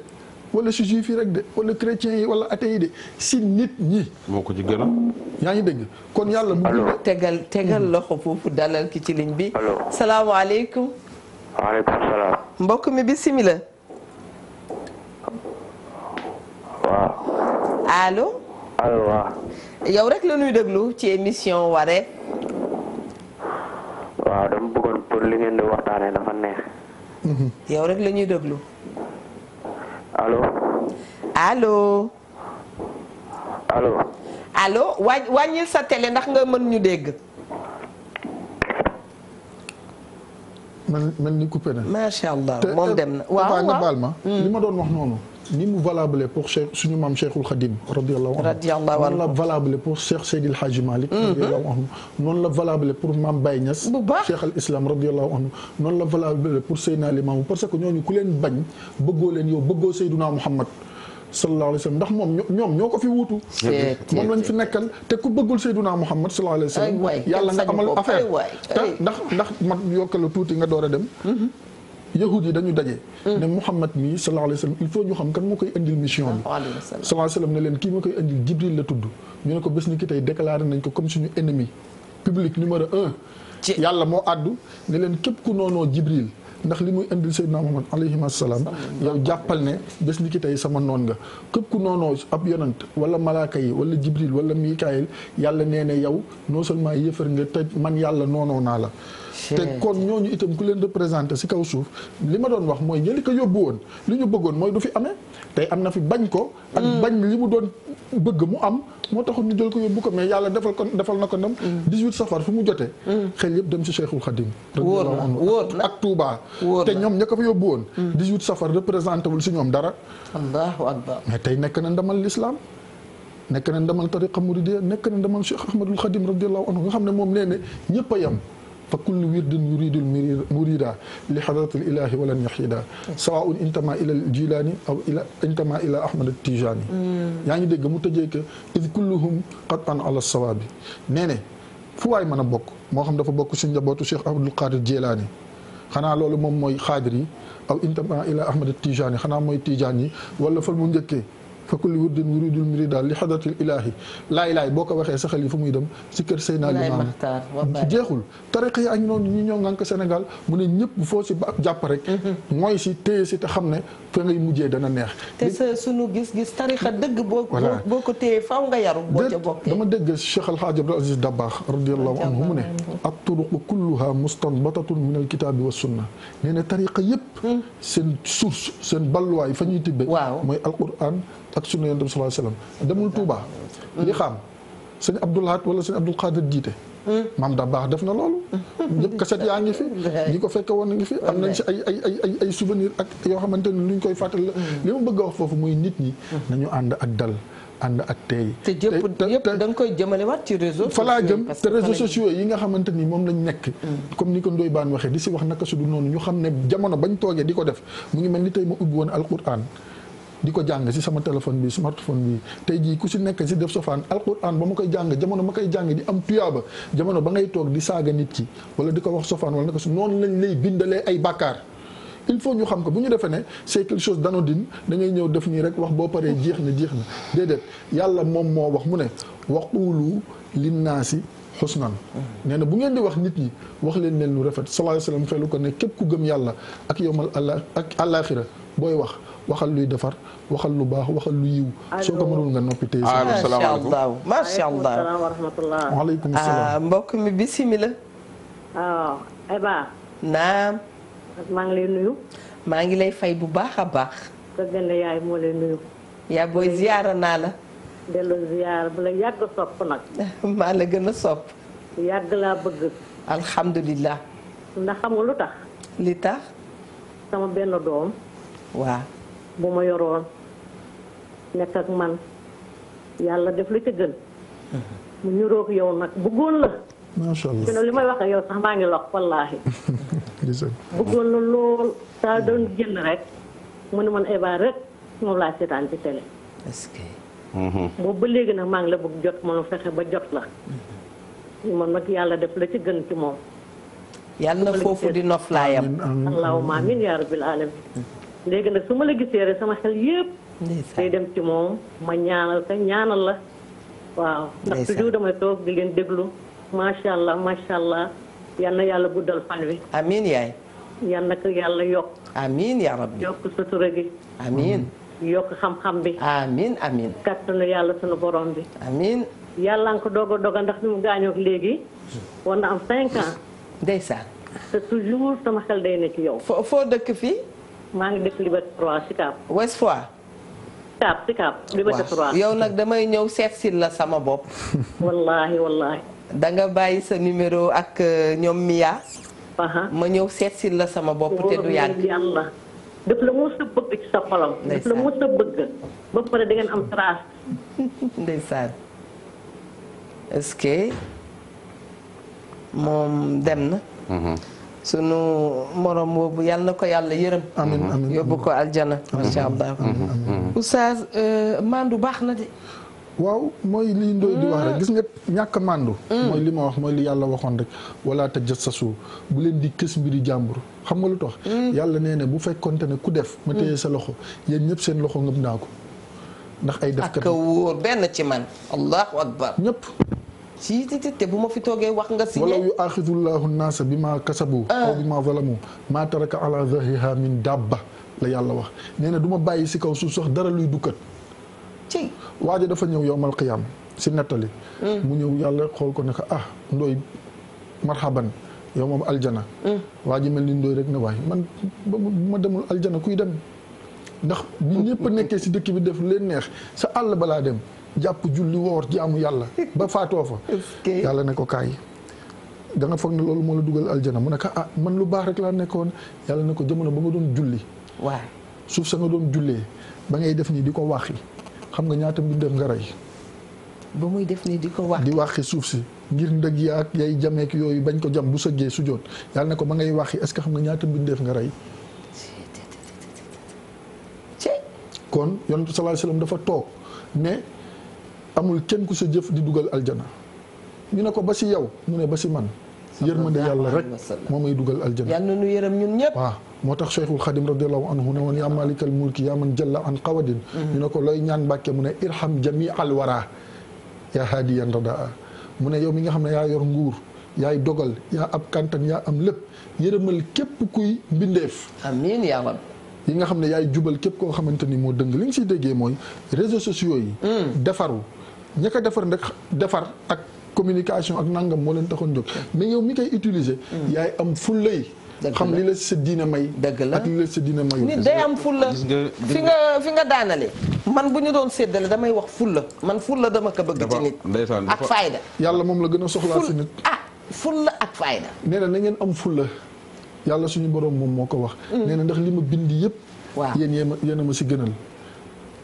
wala si juif yi rek de wala chrétiens yi wala athées yi de si nit ñi. moo ko ci gën a. yaa ngi dégg kon yàlla. mu mu tegal tegal loxo foofu dalal ki ci ligne bi. allo salaamaaleykum. waaleykum mbokk mi bisimilah. waaw. allo. yow rek la ñuy déglu ci émission Wareef. waaw dama bëggoon pour li ngeen di waxtaanee dafa neex. yow rek la ñuy déglu. alo allo. allo. allo waa wàññil sa télé ndax nga mën ñu dégg. man man ni coupé na. macha allah moom dem na waaw waaw hmm. li ma doon wax noonu. ni mu valable pour Cheikh suñu maam Cheikhul Khadim radiyallahu anhu noonu la valable pour Cheikh Seydil Hadji Malick mm-hmm. radiyallahu anhu noonu la valable pour Maam Baye Niass Cheikh al Islam radiyallahu anhu noonu la valable pour Seydina Limamou parce que ñooñu ku leen bañ bëggoo leen yow bëggoo Seydina Muhammad sallallahu alayhi wa sallam ndax moom ñoom ñoo ko fi wuutu moom lañ fi nekkal te ku bëggul Seydina Muhammad sallallahu alayhi wa sallam yàlla nga amal affaire te ndax ndax man yokkale tuuti nga door a dem mm-hmm. yahud yi dañu daje. Mm. ne Muhammad mii sallallahu alayhi wa sallam il faut ñu xam kan moo koy indil mission bi. sallallahu alayhi wa ne leen kii ma koy indil Jibril la tudd. ñu ne ko bés ni ki tey déclaré nañ ko comme suñu ennemi public numéro un. yàlla moo àddu ne leen képp ku noonoo Jibril ndax li muy indil Seydina Muhammad alayhi salaam yow jàppal ne bés ni ki tey sama noon nga képp ku noonoo ab yonant wala malaaka yi wala Jibril wala Mikaayil yàlla nee ne yow non seulement yëfër nga te man yàlla noonoo naa la. te kon ñooñu itam ku leen représenté si kaw suuf li ma doon wax mooy ñëli ko yóbbu woon li ñu bëggoon mooy du fi amee tey am na fi bañ ko ak mm. bañ li mu doon bëgg mu am moo taxoon ñu jël ko yóbbu ko mais yàlla defal ko defal na ko ndam 18 mm. safar fu mu jotee mm. xel yëpp dem si Cheikhul Khadim wóor na wóor na ak Touba te ñoom ña ko fa yóbbu woon 18 safar représenté wul si ñoom dara allahu akbar mais tey nekk na ndamal l'islam nekk na ndamal tariqa muridiyya nekk na ndamal Cheikh Ahmadul Khadim radiyallahu xam ne moom nee ñëpp fa kullu wirdin yuridul murida li xadratil ilahi walan yaxiida sawaun intama ila al jilani aw ila intama ila ahmad al tijani mm. yaa ngi dégg mu tëjee que id kulluhum qad an ala sawaabi nee ne fu waay mën a bokk moo xam dafa bokk si njabootu cheikh abdul qadir jilaani xanaa loolu moom mooy xaadir yi aw intama ila ahmad al tijani xanaa mooy tijaan yi wala fa mu njëkkee fa kulli wurdin wuridul murida li xadratil ilaahi laay laay boo ko waxee sa xel yi fu muy dem si kër Seydina Limaamu ci jeexul tariqa yi ak noonu ñu ñoo ngànk Sénégal mu ne ñëpp foo si ba jàpp rek mhm. mooy si téye si te xam ne fa ngay mujjee dana neex te sa sunu gis-gis tariqa dëgg boo boo ko téye faaw nga yaru boo ca bokkee dama dégg Cheikh Al Hadj Abdou Aziz Dabakh radiyallahu anhu mu ne at turuqu kulluha mustanbatatun min al kitaabi wa sunna nee na tariqa yëpp hmm. seen source seen balluwaay fa ñuy tibbee mooy alquran ak sunna yonent bi sallallahu alayhi wasallam demul Touba. li mm-hmm. xam sëñ Abdou Lahad wala sëñ Abdou Khadir jiite. Mm-hmm. maam da baax def na loolu. ñëpp kaset yaa ngi fi. ñi ko fekke woon ngi fi am nañ si ay ay ay ay ay souvenir ak yoo xamante ni luñ koy fàttali la. Mm-hmm. li ma bëgg a wax foofu muy nit ñi. nañu ànd ak dal. ànd ak tey te yëpp da nga koy jëmalewaat ci réseau fa laa jëm te réseaux sociaux yi nga xamante ni moom lañ nekk mm. comme ni ko Ndoye Bane waxee di si wax naka su dul noonu ñu xam ne jamono bañ toogee di ko def mu ngi mel ni tey ma ubbi woon alquran di ko jàng si sama téléphone bi smartphone bi tey jii ku si nekk si def sofaan alquran ba ma koy jàng jamono ma koy jàng di am tuyaaba jamono ba ngay toog di saaga nit ki wala di ko wax sofaan wala naka su noonu lañ lay bindalee ay bàkkaar il faut ñu xam ko bu ñu defee ne c'est quelque chose d'anodin da ngay ñëw def nii rek wax boo paree jeex na jeex na déedéet yàlla moom moo wax mu ne waqulu linnaasi xusnan nee na bu ngeen di wax nit ñi wax leen leen lu rafet sallallahu alayhi wa sallam ko ne képp ku gëm yàlla ak yowmal allah ak àllaaxira booy wax waxal luy defar waxal lu baax waxal lu yiw soo ko mënul nga noppi tey allah macha allah waaleykum ah, salaam mbokk mi bisimilah ah, waaw Eva naam maa ngi lay nuyu maa ngi lay fay bu baax a baax sa gën la yaay moo lay nuyu yaa booy ziyaara naa la delloo ziyaara bu la yàgg sopp nag maa la gën a sopp yàgg laa bëgg alhamdulilah ndax xam lu tax li tax sama benn doom waaw bu ma yoroon nekk ak man yàlla def lu ci gën mhm. mu ñuroog yow nag bëggoon la macha li may wax ak yow sax maa ngi lox wallaahi bëggoon la lool saa doon génn rek mu ne man Eva rek moom laa seetaan ci télé mhm. boobu ba léegi nag maa ngi la bëgg jot mënu fexe ba jot la mhm. man nag yàlla def la ci gën ci moom yàlla foofu di noflaayam allahumma amin yaa rabbil alamin léegi nag su ma la gisee rek sama xel yëpp. day dem ci moom ma ñaanal te ñaanal la. waaw ndax toujours damay toog di leen déglu macha allah macha allah yal na yàlla guddal fan wi. amiin yaay. yal na ko yàlla yokk. amiin yaa rabbi yokk sutura gi. amiin. yokk xam-xam bi. amiin amiin. kattanu yàlla sunu borom bi. amiin. yàlla nga ko doog a doog a ndax ni mu gaañoo léegi. war na am 5 ans. ndeysaan. te toujours sama xel day ne ci yow. foo foo dëkk fii. maa ngi dëkk Liberté 3 Sicap. Ouest Foire. Sicap Sicap yow nag damay ñëw seet si la sama bopp. wallaahi wallaahi. da nga bàyyi sa numéro ak euh, ñoom Mia. ma ñëw seet si la sama bopp te du yàgg. yàlla la mos a bëgg ci sa xolam. daf da ngeen am trace. ndeysaan dem na. Mhm. sunu morom boobu yàlla ko yàlla yërëm. amiin amiin yóbbu ko aljana. macha allah mm-hmm. oustaz euh, mandu baax na de. waaw mooy li ndoy di wax rek mm. gis nga ñàkk a mm. mooy li ma wax mooy li yàlla waxoon rek. wala te jot sa suuf bu leen di kës mbiri jàmbur xam nga lu tax. Mm. yàlla nee na bu fekkonte ne ku def. ma téye sa loxo yéen ñëpp seen loxo ngëb naa ko. ndax ay def kat wóor benn ci man. allahu akbar ñépp si te bu ma fi toogee wax nga. si walaw yu bi ah. ma kasabu. aw bi ma zalamu maa taraka ala zahriha min dabba la yàlla wax nee na duma bàyyi si kaw suuf sax dara luy dukkat. ci waaja dafa ñëw yowmal qiyaam si nettali. Hmm. mu ñëw yàlla xool ko ne ko ah ndooy marhaban yow aljana. Hmm. waa ji mel ni ndooy rek ne waay man ba ma demul aljana kuy dem. ndax bi ñëpp nekkee si dëkk bi def leen neex sa àll balaa dem. jàpp julli woor jaamu yàlla ba faatoo fa yàlla ne ko kaay da foog ne loolu moo la dugal aljana mu ne ko ah man lu baax rek laa nekkoon yàlla ne ko jamono ba nga doon julli waaw suuf sa doon jullee ba ngay def nii di ko waxi xam nga ñaata mu def nga rey ba muy def nii di ko wax di waxi suuf si ngir ndëg yaak yay jameek yooyu bañ ko jam bu sëggee su joot yàlla ne ko ba ngay waxi est-ce que xam nga ñaata mbindeef nga rey kon yonent sallallahu alayhi dafa toog ne amul kenn ku sa jëf di dugal aljana ñu ne ko ba si yow mu ne ba si man yërmande yàlla rek moo may dugal aljana yàlla nu yërëm ñun ñëpp moo tax cheikhul xadim radiallahu anhu ne woon yaa malikal mulki yaa man jalla an qawadin mm-hmm. ñu ne ko looy ñaan mbàkke mu ne irham jami al wara yaa haadiyan radaa mu ne yow mi nga xam ne yaa yor nguur yaay dogal yaa ab kantan yaa am lépp yërëmal képp kuy mbindeef amiin yi nga xam ne yaay jubal képp koo xamante ni moo dëng li nga siy déggee mooy réseaux sociaux yi mm. defaru ña ko defar nag defar ak communication ak nangam moo leen taxoon jóg hmm. mais yow mi koy utiliser. Hmm. yaay am fulla yi xam li la sa diina may. dëgg la ak li la sa diina mayu. nit day am fulla fi nga fi nga daanale. man bu ñu doon séddale damay wax fulla man fulla dama ko bëgg. ci nit ak fayda. yàlla moom la gën a soxlaa si nit. ah fulla ak fayda. nee na na ngeen am fulla yàlla suñu borom moom moo ko wax. Hmm. nee na ndax li ma bind yëpp. waaw yéen yéen a ma si gënal.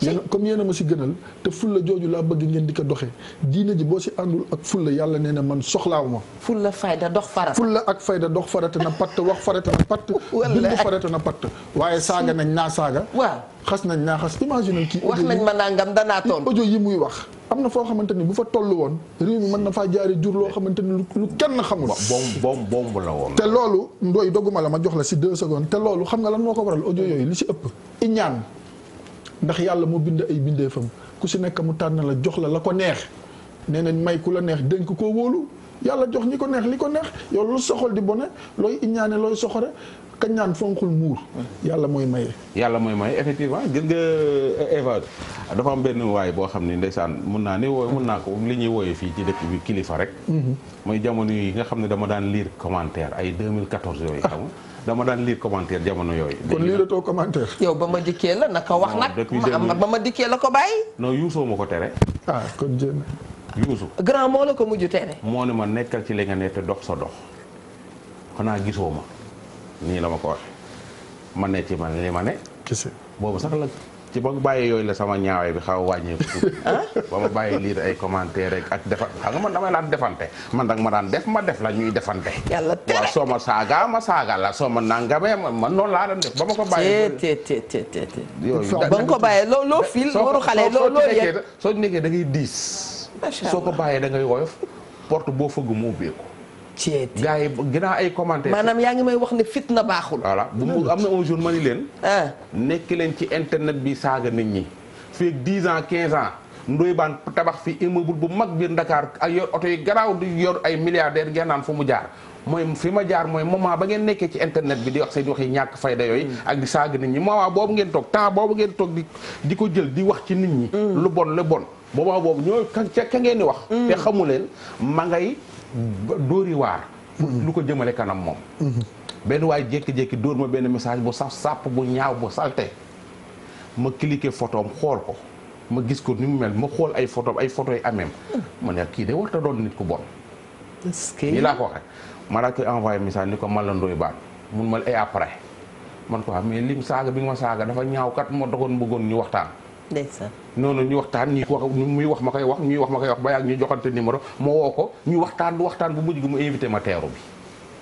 yéen comme yéen moo ma si gënal te fulla jooju laa bëgg ngeen di ko doxee diine ji boo si àndul ak fulla yàlla nee na man soxlaaw ma fulla fayda dox farata fulla ak fayda dox farata na patt wax farata na patt bind farata na patt waaye saaga nañ naa saaga waaw xas nañ naa xas imagine kii wax nañ ma nangam danaa toll audio muy wax am na foo xamante ni bu fa toll woon réew mi mën na faa jaare jur loo xamante ni lu kenn xamul bomb bomb la woon te loolu ndoy dogguma la ma jox la si deux secondes te loolu xam nga lan moo ko waral audio yooyu li si ëpp iñaan ndax yàlla mu bind ay bindeefam ku si nekk mu tànn la jox la la ko neex nee nañ may ku la neex dénk koo wóolu yàlla jox ñi ko neex li ko neex yow lu soxol di bone looy iñaane looy soxore kañ naan fonkul muur. yàlla mooy maye. yàlla mooy maye effectivement gën nga euh, Eva dafa am benn waay boo xam ne ndeysaan mun naa ne wooy mun naa ko li ñuy wooyee fii ci dëkk bi kilifa rek. Mhm. mooy jamono yi nga xam ne dama daan lire commentaire ay 2014 yooyu xam nga. dama daan liir commentaire jamono yooyu. kon liiratoo commentaire. yow ba ma dikkee la naka wax nag. ma ba ma dikkee la ko bàyyi. non yuusoo ma ko tere. ah kon jéem yuusu. grand moo la ko mujj tere. moo ne ma nekkal ci li nga ne te dox sa dox xanaa gisoo ma nii la ma ko waxee ma ne ma ne li ma ne. kese boobu sax la. ci ba mu bàyyi yooyu la sama ñaawee bi xaw a wàññeeku. Ah? ba ma bàyyi lire ay commentaire rek ak defar xam nga man defante man nag ma daan def ma def la ñuy defante. yàlla tere soo ma saaga ma saaga la soo ma nanga nangamee man noonu laa doon def ba ma ko bàyyi. te te te te te yooyu ba nga ko bàyyee loo loo fil xale loo loo soo ci nekkee da ngay diis. ko bàyyee da ngay woyof porte boo fëgg moo ubbeeku. ceeti gars yi ay commentaires. maanaam yaa ngi may wax ne fitna baaxul. voilà bu mu am na un jour ma ni leen. Ah. nekk leen ci internet bi saaga nit ñi. fii ak 10 ans 15 ans. Ndoye Bane tabax fi immeuble bu mag biir ndakaar ak yor oto yi garaaw di yor ay milliardaires ngeen naan fu mu jaar. mooy fi ma jaar mooy moment ba ngeen nekkee ci internet bi di wax seen wax yi ñàkk fayda yooyu. Hmm. ak di saaga nit ñi moment boobu ngeen toog temps boobu ngeen toog di di ko jël di wax ci nit ñi. Hmm. lu bon lu bon moment boobu ñoo ka ca ngeen di wax. Hmm. xamu leen ma ngay. dóori waar lu ko jëmale kanam moom benn waaye jékki-jékki dóor ma benn message bu saf sàpp bu ñaaw bu salte ma cliqué photoom xool ko ma gis ko ni mu mel ma xool ay photo ay photo yi ameem ma ne kii de warta doon nit ku bon nii laa ko waxee ma daa koy envoyé message ni ko man la Ndoye Bane mun ma ay eh, après man ko xam ah, mais lim saaga bi nga ma saaga dafa ñaaw kat moo dogoon bëggoon ñu waxtaan ndeysaan noonu ñu waxtaan ñuy wax muy wax ma koy wax ñuy wax ma koy wax ba yàgg ñu joxante numéro ma woo ko ñu waxtaan bu waxtaan bu mujj gi mu invité ma teeru bi.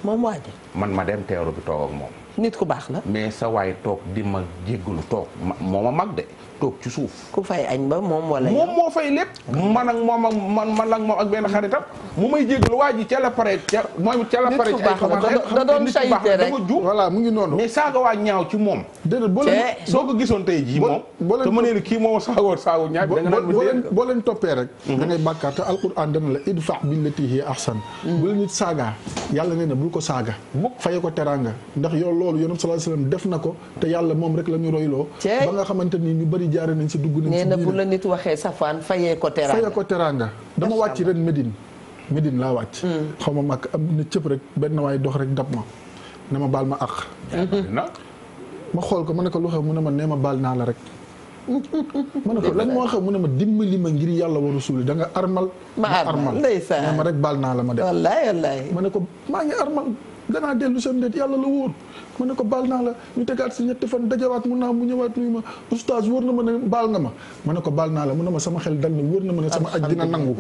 moom waa ji. man ma dem teeru bi toog ak moom. nit ku baax la. mais sa waay toog di ma jéggalu toog ma moo ma mag de. toog ci suuf. ku fay añ ba moom wala. moom moo fay lépp. man ak moom ak man man ak moom ak benn xaritam. mu may jégalu waa ji ca la pare ca mooy ca la pare. nit ku baax da doon sayte rek voilà mu ngi noonu. mais saaga waa ñaaw ci moom. déedéet boo leen soo ko gisoon tey jii moom. boo leen te ma ne kii moom saagoor saagu ñaar. da nga naan boo leen boo leen toppee rek. Mhm. da ngay bàkkaar te alquran dem la idfa billati hiya ahsan. Mhm. bu la nit saagaa yàlla nee na bul ko saaga. faye ko teranga ndax yow loolu yonent sallallahu alayhi wasallam def na ko te yàlla moom rek la ñu royloo ba nga xamante ni ñu bari jaare nañ si dugg nañ nee na bu la nit waxee safaan fayee ko teraanga fayee ko teraanga dama wàcc ren Médine Médine laa wàcc hmm. xaw ma mag am na cëpp rek benn waay dox rek dab ma ne ma baal ma àq ma xool ko ma ne ko lu xew mu ne ma nee ma baal naa la rek ma ne ko lan moo xew mu ne ma dimbali ma ngir yàlla wa rasuul da nga armal ma armal nee ma rek baal naa la ma def wallaay wallaay ma ne ko maa ngi armal danaa dellu seen déet yàlla la wóor mu ne ko baal naa la ñu tegaat si ñetti fan dajawaat mun naa mu ñëwaat nuyu ma oustaz wóor na ma ne baal nga ma ma ne ko baal naa la mu ne ma sama xel dal na wóor na ma ne sama aj dina nangu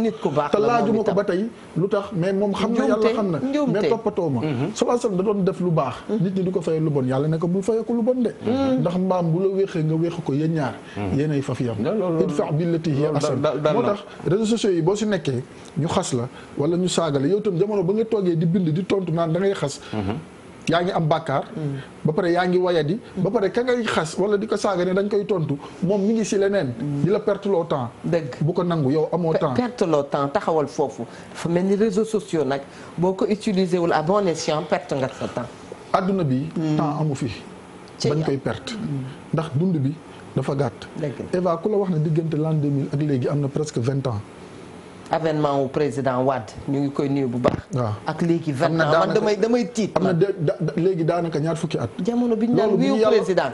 te laaju ko ba tey lu tax mais moom xam na xam na mais toppatoo ma mhm. salaa sallam da doon def lu baax mhm. nit ñi di ko fayee lu bon yàlla ne ko bul fayee ko lu bon de mhm. ndax mbaam bu la wéexee nga wéex ko yéen ñaar yéenay fa fi yam idfa billati hiya moo tax réseaux sociaux yi boo si nekkee ñu xas la wala ñu saaga la yow itam jamono ba nga toogee di bind di tontu naan da ngay xas yaa ngi am bàkkaar ba pare yaa ngi wayadi ba pare ka ngay xas wala di ko saaga ne dañ koy tontu moom mi ngi si leneen di la perte loo temps dëgg bu ko nangu yow amoo temps perte loo temps taxawal foofu dafa mel ni réseaux sociaux nag boo ko utiliser wul à bon perte nga sa temps adduna bi hmm. temps amu fi dañ koy perte hmm. ndax dund bi dafa gàtt Eva ku la wax ne diggante l'an 2000 ak léegi am na presque vingt ans avènement wu président Wade ñu ngi koy nuyu bu baax. ak léegi vingt ans man damay damay tiit. am na de léegi daanaka ñaar fukki at. jamono bi ñu naan wuyu président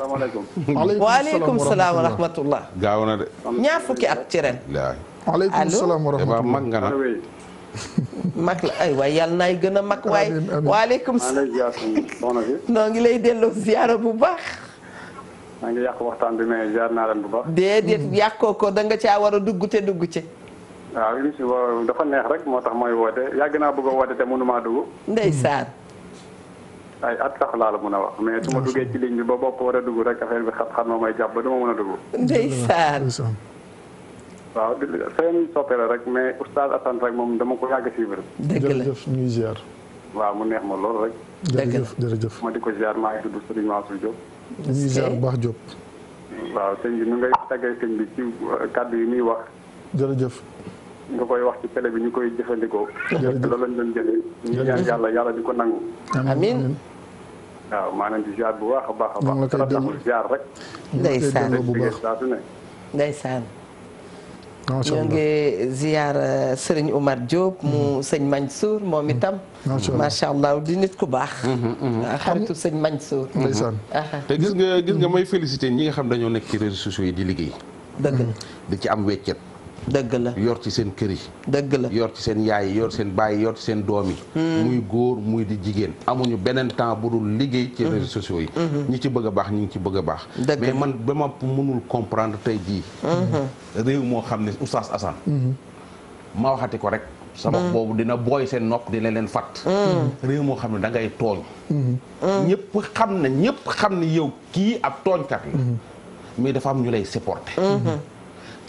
waaleykum salaam wa rahmatullah gaaw na de. ñaar fukki at ci ren. waaleykum salaam wa rahmatullah mag nga na. mag la ay waay yàlla naay gën a mag waaye. waaleykum salaam noo ngi lay delloo ziyaara bu baax. maa ngi yàq waxtaan bi mais ziar naa leen bu baax. déedéet yàqoo ko da nga caa war a dugg te dugg ci. waaw émission boobu dafa neex rek moo tax mooy woote yàgg naa bëgg a woote te mënumaa dugg. ndeysaan. ay at sax laa la mën a wax mais su ma duggee ci ligne bi ba bopp war a dugg rek affaire bi xat-xat moo may jàpp ba du ma mën a dugg. ndeysaan. waaw seen soppe la rek mais oustaz Assane rek moom dama ko yàgg suivre. dëgg la jërëjëf ñuy ziar. waaw mu neex ma lool rek. dëgg la jërëjëf ma di ko ziar maa ngi tudd Serigne Mansour Diop. ñuy ziar baax Diop. waaw sëñ bi nu ngay tàggee sëñ bi ci kàddu yi muy wax. jërëjëf. nga koy wax ci bi ñu koy jëfandikoo. jërëjëf loolu lañ doon jëlee. ñu ñaan yàlla yàlla di ko nangu. amiin waaw maanaam di ziar bu baax a baax a baax. dara taxul ziar rek. ndeysaan ndeysaan ñoo ngi ziar euh, Serigne Oumar Diop mu mm-hmm. sëñ Mansour moom mm-hmm. itam. macha allah di nit ku baax. Mm-hmm, ah, xaritu sëñ Mansour. ndeysaan ah, ah. te gis nga gis nga may félicité ñi nga xam dañoo nekk ci réseaux sociaux yi di liggéey. dëgg di ci am weccet. dëgg la yor ci seen kër yi. dëgg la yor ci seen yaay yor seen baay yor ci seen doom hmm. muy góor muy di jigéen. amuñu beneen temps bu dul liggéey. ci hmm. réseaux sociaux hmm. ci bëgg a baax ñi ngi ci bëgg a baax. mais man ba ma mënul comprendre tey jii. réew moo xam ne Oustaz Assane. ma waxati ko rek. sama boobu dina booy seen nopp dina leen fàtt. réew moo xam ne da ngay tooñ. ñëpp xam ne ñëpp xam ne yow kii ab tooñkat la. mais dafa am ñu lay supporter.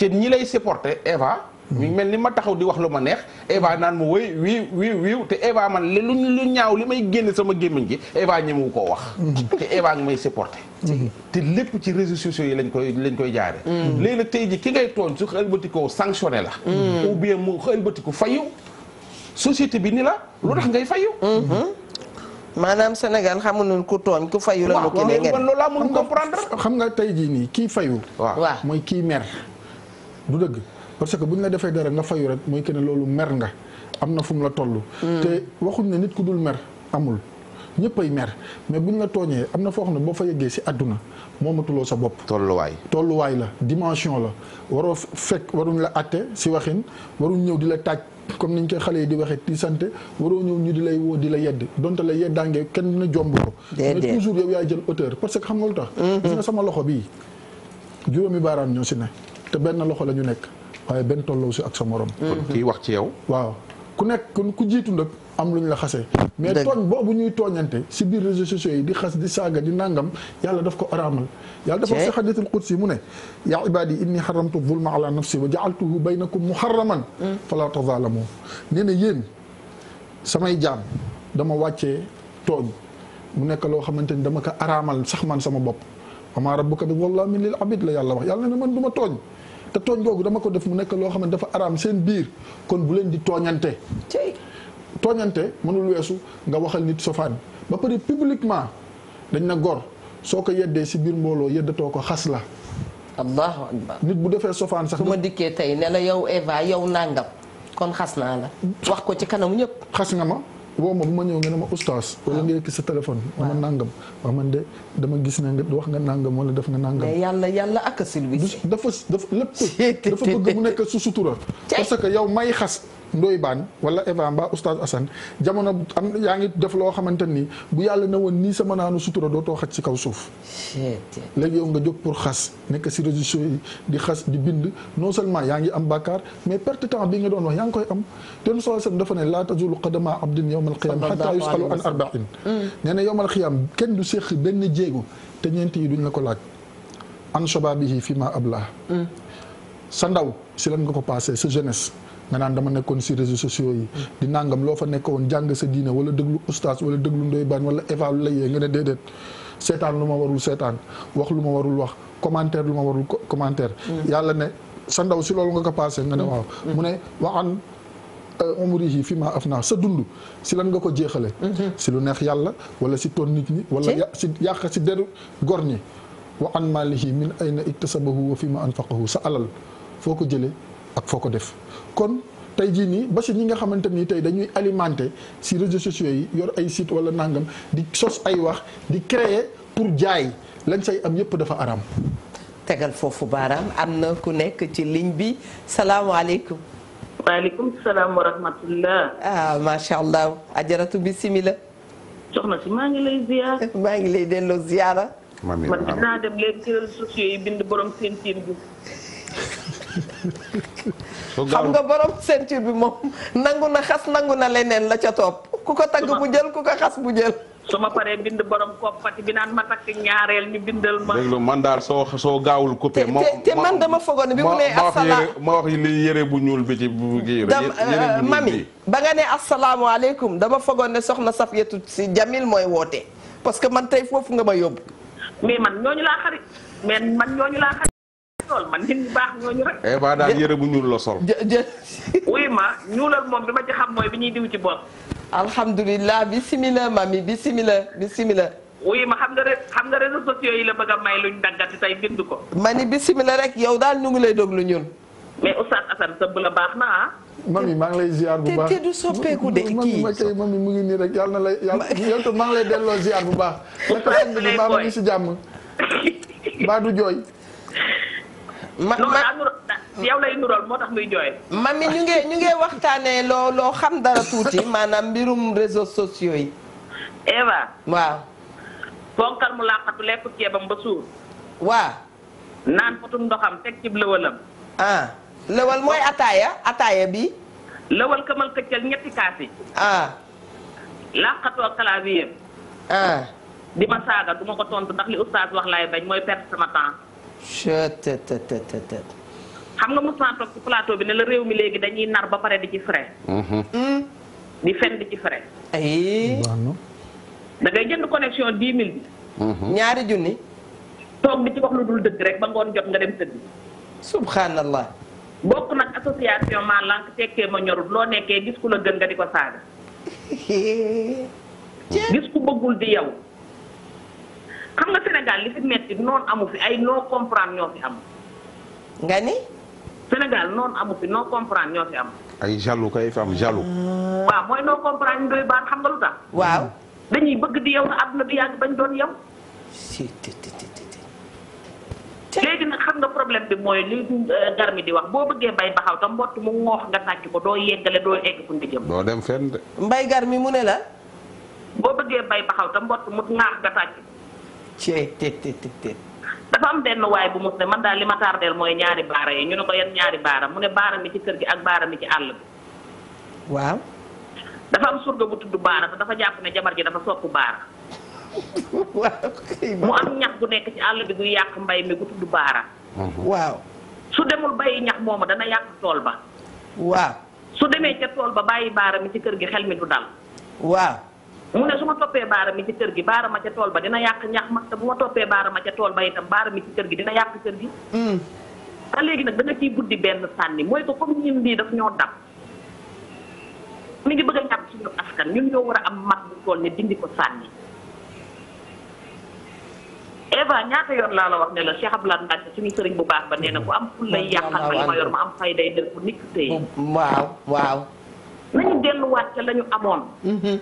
te ñi lay supporter Eva. mel ni ma taxaw di wax lu ma neex Eva naan ma wéy wiiw wiiw wiiw te Eva man lu ñaaw li may génne sama gémmiñ gi Eva mu ko wax mm-hmm. te Eva ngi may supporté mm-hmm. te lépp ci réseaux sociaux yi lañ koy lañ koy jaare mm-hmm. léegi nag tey ji ki ngay tooñ su xëlbatikoo sanctionné la ou bien mu xëlbatiku fayu société bi ni la lu tax ngay fayu maanaam Sénégal xamuñu ku tooñ ku fayu la loolu laa mënul comprendre xam nga tey jii nii kii fayu waaw mooy du dëgg parce que bu ñu la defee dara nga fayu rek mooy que ne loolu mer nga am na fu mu la toll. te waxuñ ne nit ku dul mer amul ñëppay mer mais bu ñu la tooñee am na foo xam ne boo fa yeggee si àdduna moomatuloo sa bopp. tolluwaay tolluwaay la dimension la waroo fekk waruñ la àtte si waxin waruñ ñëw di la taaj. comme niñ koy xale yi di waxee di sant waroo ñëw ñu di lay woo di la yedd donte la yeddaange kenn na jomb ko mais toujours yow yaay jël hauteur parce que xam nga lu tax mm-hmm. sama loxo bii juróomi baaraam ñoo si ne te benn loxo la ñu nekk waaye benn tolloo si ak sa moroom kon mhm. wax ci yow. waaw ku nekk kon ku jiitu nag am lu ñu la xase mais tooñ boobu ñuy tooñante si biir réseaux sociaux yi di xas di saaga di nangam yàlla daf ko araamal. yàlla dafa si xadiisul qudsi mu ne. yaa ibaadi inni xaramtu zulma ala nafsi wa jaaltuhu baynakum muharraman mm. fala tazaalamu nee na yéen samay jaam dama wàccee tooñ mu nekk loo xamante ni dama ko araamal sax man sama bopp. wa maa rabbuka bi zallaamin lil abid la yàlla wax yàlla ne man du ma tooñ. te tooñ googu dama ko def mu nekk loo xam ne dafa araam seen biir kon bu leen di tooñante tooñante mënul weesu nga waxal nit sofaan ba pare publiquement dañ na gor soo ko yeddee si biir mbooloo yeddatoo ko xas la allahu akbar nit bu defee sofaan sax su ma dikkee tey ne la yow Eva yow nàngam kon xas naa la wax ko ci kanamu ñëpp xas nga ma woo ma bu ma ñëw nga ne ma oustaz. wala ah. nga yëkki sa téléphone. waaw ma nangam wax man de dama gis ne nga wax nga nangam wala def nga nangam. mais yàlla yàlla ak a silbi. dafa dafa lépp dafa bëgg mu su sutura. yow may xas. Ndoye Bane wala Eva mbaa oustaz Assane jamono am yaa ngi def loo xamante ni bu yàlla ne woon nii sama naanu sutura too xaj ci kaw suuf. léegi yow nga jóg pour xas nekk si réseaux yi di xas di bind non seulement yaa ngi am bàkkaar mais perte temps bi nga doon wax yaa ngi koy am. te nu soxla dafa ne laa tazulu qadama abdin yawmal qiyaam hatta yusalu an arba'in. Mm. nee na yawmal qiyaam kenn du séq benn jéego te ñeenti yi duñ la ko laaj. an shababihi fi ma ablah mm. sa ndaw si lan nga ko passé sa jeunesse. nga naan dama nekkoon si réseaux sociaux yi di nangam loo fa nekkoon jàng sa diine wala déglu oustaz wala déglu ndoy baan wala eva lu la yee nga ne déedéet seetaan lu ma warul seetaan wax lu ma warul wax commentaire lu ma warul commentaire mm. yàlla ne sa ndaw si loolu nga ko passé nga ne mm. waaw mm. mu ne waxaan euh, umrihi fii ma af naa sa dund si lan nga ko jeexale mm-hmm. si lu neex yàlla wala si toon nit ñi wala si yàq si deru gor ñi wa an maalihi min ayna iktasabahu wa fi ma anfaqahu sa alal foo ko jëlee ak foo ko def kon tey jii nii ba si ñi nga xamante nii tey dañuy alimente si réseau sociaux yi yor ay site walla nangam di sos ay wax di créer pour jaay lañ say am yépp dafa aram tegal foofu baaraam am na ku nekk ci ligne bi salaamaaleykum. waaleykum salaam wa rahmatullah. ah macha allah ajaratu bisimilah. soxna si maa ngi lay maa ngi lay delloo ziara. man dinaa dem léegi ci réseaux sociaux yi bind borom seen tiir bi. xam nga borom ceinture bi moom nangu na xas nangu na leneen la ca topp ku ko tagg bu jël ku ko xas bu jël. su ma paree bind borom koppati bi naan ma takk ñaareel ñu bindal ma. man daal soo soo gaawul coupé. moo te man dama fogoon ne bi mu nee. asalaam ma yére bu ñuul bi ci bu kii euh, mami dama fogoon ne soxna Safiatou si Jamil mooy woote parce que man tey foofu nga ma yóbbu. mais man ñooñu laa xarit mais man ñooñu laa xarit. sol man nit ñi baax ñooñu rek. Eva eh, daal yére bu ñuul la sol. jë jë. moom bi ma ci xam mooy bi ñuy diw ci bopp. alhamdulilah simila mami bisimilah bisimilah. wuy ma xam nga rek xam nga réseaux sociaux yi la bëgg a may luñ daggati tey bind ko. ma ni bisimilah rek yow daal ñu ngi lay déglu ñun. mais Oustaz Assane sëb la baax na ah. mami maa lay ziar bu baax te du soppeeku de kii ma tey mami mu ngi nii rek yàlla na lay yàlla yow tam maa ngi lay delloo ziar bu baax. naka sëñ bi ma yow lay nural moo tax muy jooy. mami ñu ngi ñu ngi waxtaanee loo loo xam dara tuuti maanaam mbirum réseaux sociaux yi. Eva. waaw. ponkal mu làqatu lekk ceebam ba suur. waaw. naan potum ndoxam teg ci lëwalam. ah lëwal mooy ataaya ataaya bi. lëwal kamal këccal ñetti kaas yi. ah. làqatoo clavier. ah. di ma saaga du ko tontu ndax li oustaz wax laay bañ mooy perte sama temps. xam nga mos naa toog ci plateau bi ne la réew mi léegi dañuy nar ba pare di ci frais. Mm-hmm. Mm. di fen di ci frais. ay. da jënd connexion dix mille bi. Mm-hmm. ñaari junni. toog di ci wax lu dul dëgg rek ba ngoon jot nga dem tëdd. subhanallah. bokk nag association maa lànk tekkee ma ñorut loo nekkee gis ku la gën nga di ko saaga. gis ku bëggul di yow. xam nga Sénégal li fi metti noonu amu fi ay noo comprendre ñoo fi am. nga ni. Sénégal noonu amu fi noo comprendre ñoo fi am. ay jaloux kay fi am jaloux. Ah. waaw mooy noo comprendre ñu doy baan xam nga lu tax. waaw dañuy bëgg di yow na àdduna bi yàgg bañ doon yow. léegi nag xam nga problème bi mooy lu euh, gar di wax boo bëggee bay baxaw te mbott mu ngoox nga tàcc ko doo yeggale doo egg fu ñu jëm. doo dem fenn de. mbay gar mi mu ne la. boo bëggee bay baxaw te mbott mu ngaax nga dafa am benn waay bu mu ne man daal li ma tardeel mooy ñaari baara yi ñu ne ko yan ñaari baara mu ne baara mi ci kër gi ak baara mi ci àll bi. waaw. dafa am surga bu tudd baara te dafa jàpp ne jabar ji dafa sopp baara. mu am ñax gu nekk ci àll bi guy yàq mbay mi gu tudd baara. Mhm. waaw. su demul bay ñax moomu dana yàq tool ba. waaw. su demee ca tool ba bàyyi baara mi ci kër gi xel mi du dal. waaw. mu ne su ma toppee baara mi ci kër gi baara ma ca tool ba dina yàq ñax ma te bu ma toppee baara ma ca tool ba itam baara mi ci kër gi dina yàq kër gi. Hmm. ba léegi nag da nga ciy buddi benn sànni mooy ko comme ñun bii daf ñoo dab. mi ngi bëgg a ñàkk suñu askan ñun war a am mag bu tool ne dindi ko laa la wax ne la Cheikh Abdoulaye Ndane suñu sëriñ bu baax ba nee na ku am fu lay yàqal ma li ma yor ma am fay day dër bu nit tey. waaw waaw. nañu delluwaat ca amoon. Hmm, hmm.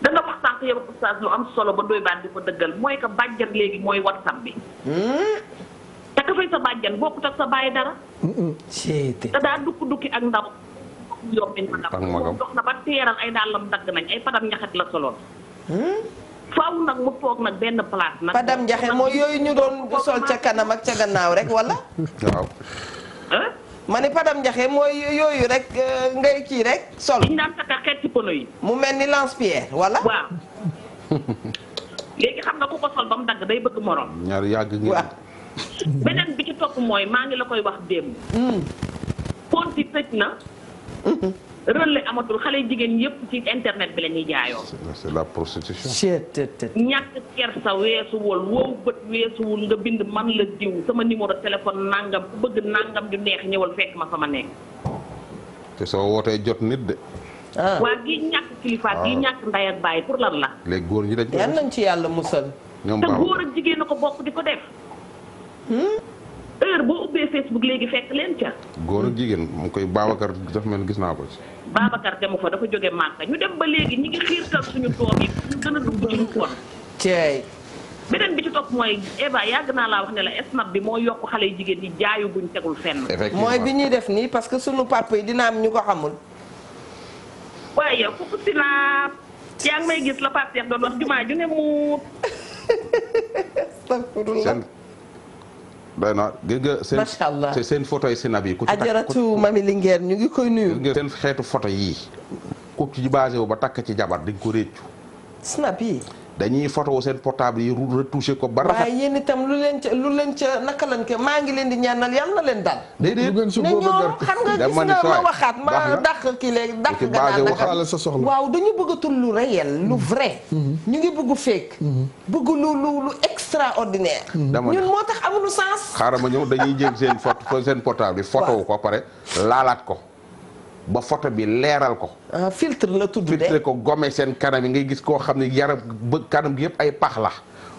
da nga wax sànq yow oustaz lu am solo ba doy baat di ko dëggal mooy que bàjjan léegi mooy whatsapp bi. Hmm? te fay sa bàjjan bokkut ak sa bàyyi dara. te daa dukki dukki ak ndaw. yomb nañ ko ndaw na ba teeral ay dàllam dagg nañ ay padam ñaxat la soloon. Hmm? faaw nag mu toog nag benn place nag. padam njaxe mooy yooyu ñu doon sol ca kanam ak ca gannaaw rek wala. ma ni padam njaxe mooy yooyu rek euh, ngay kii rek sol ñu daan takk xeet ci pono yi mu mel ni lance-pierre walla waaw léegi xam nga ku ko sol ba mu dagg day bëgg morom ñaar yàgg ngeen beneen bi ci topp mooy maa ngi la koy wax démb hmm. ponti tëj na hmm. relais amatul xale jigéen yëpp ci internet bi la ñuy jaayoo. c'est la prostitution. ñàkk kersa weesuwul wow bët weesuwul nga bind man la diw sama numéro téléphone nangam ku bëgg nangam du neex ñëwal fekk ma sama nekk. te soo wootee jot nit de. Ah. waa gi ñàkk kilifa gi ah. ñàkk nday ak pour lan la. léegi góor ñi dañ ci yàlla musal. te góor ak jigéen a ko bokk di ko def. Hmm? heure boo ubbee Facebook léegi fekk leen ca. góor ak jigéen mu koy Babacar dafa mel gis naa ko ci. Babacar demu fa dafa jóge Màkka ñu dem ba léegi ñi ngi xiirtal suñu doom yi ñu gën a dugg ci ñu kon. ceey. beneen bi ci topp mooy Eva yàgg naa laa wax ne la snap bi moo yokk xale yi jigéen ñi jaayu buñ tegul fenn. mooy bi ñuy def nii parce que suñu papa yi dina am ñu ko xamul. waaye ku snap yaa ngi may gis la Pape Cheikh doon wax jumaa ju ne muut. doy na ah, gis nga seen macha allah seen photo yi seen yi ku ci ajaratu mami ñu ngi koy nuyu. seen xeetu photo yii ku ci basé wu ba takk ci jabar di ko réccu snap yi dañuy photo seen portable yi retouché ko ba rafet. waaye yéen itam lu leen leen ca naka lañ ko maa ngi leen di ñaanal yal na leen dal. déedéet ne ñoom xam nga gis nga ma waxaat ma dàq kii léegi dàq gannaaw naka sa soxla waaw dañu bëggatul lu réel lu vrai. Mm-hmm. ñu ngi bëgg fekk. Mm-hmm. bëggu lu lu lu extraordinaire. Mm-hmm. dama ñun moo tax amuñu sens. xaaral ma ñëw dañuy jël seen photo seen portable yi. photo ko pare laalaat ko. ba foto bi leeral ko. ah filtre la tudd de filtre ko gome seen kanam yi ngay gis koo xam ne yaram ba kanam gi ay pax la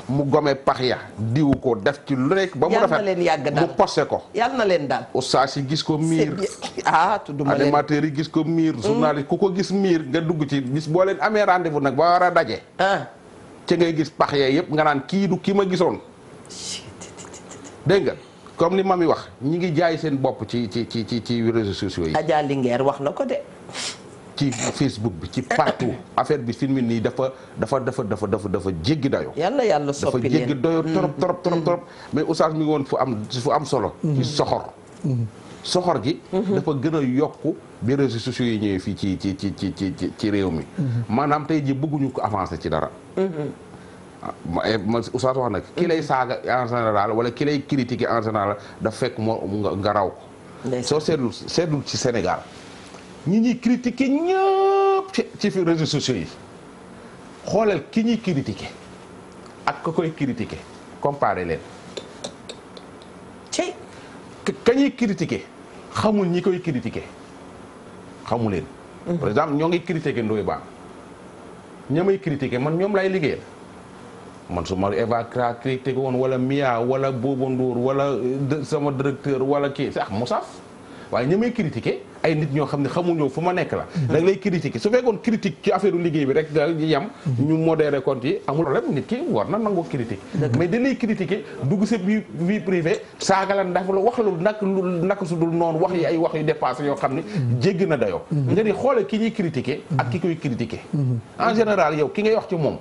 mu gome pax ya diwu ko def ci lu nekk. ba mu rafet mu posé ko. yal na leen daal ustaas si gis ko miir. ah tudduma leen animateurs yi gis ko miir. Mm. journaliste ku ko gis miir nga dugg ci bis boo leen amee rendez-vous nag ba war a daje. Ah. ci ngay gis pax ya yëpp nga naan kii du kii ma gisoon. dégg comme ni mami wax ñi ngi jaay seen bopp ci ci ci ci ci réseaux sociaux yi. Adja Linguère wax na ko de. ci Facebook bi ci partout affaire bi fi nii dafa dafa dafa dafa dafa dafa jéggi dayoo. yàlla yàlla soppi leen dafa jéggi dayoo trop mm. trop trop mm. trop. mais oustaz mi ngi woon fu am fu am solo. Mm. ci soxor. soxor gi. Mm-hmm. dafa gën a yokk bi réseaux sociaux yi ñëwee fii ci ci ci ci ci ci réew mi. Mm-hmm. maanaam tey ji bëgguñu ko avancer ci dara. Mm-hmm. Eh, ma oustaz wax nag ki lay saaga en général wala ki lay critiquer en général daf fekk moo nga raw ko soo seetlul seetlul ci Sénégal ñi ñuy critiquer ñëpp ci fi réseaux sociaux yi xooleel ki ñuy critiquer ak ka koy critiquer comparé leen ci ka ñuy critiquer xamul ñi koy critiquer xamu leen mm-hmm. par exemple ñoo ngi critiquer Ndoye Bane ña may critiquer man ñoom lay liggéeyal man su ma Eva critiqué woon wala Mia wala Bobo Ndour wala euh, sama directeur wala kii sax mu saf waaye ñi may critiqué ay nit ñoo xam ne xamuñu fu ma nekk la mm-hmm. da nga lay critiquer su fekkoon critique ci affaire liggéey bi rek daal yam mm-hmm. ñu modéré compte yi amul problème nit ki war na nangoo critique mais da lay critiquer dugg sa vie vie privée saaga la dafa la wax lu nak nak su dul noonu wax yi ay wax yu dépassé yoo xam ne mm-hmm. jégg na dayoo nga ni xoole ki ñuy critiquer ak ki koy critiquer en général yow ki ngay wax ci moom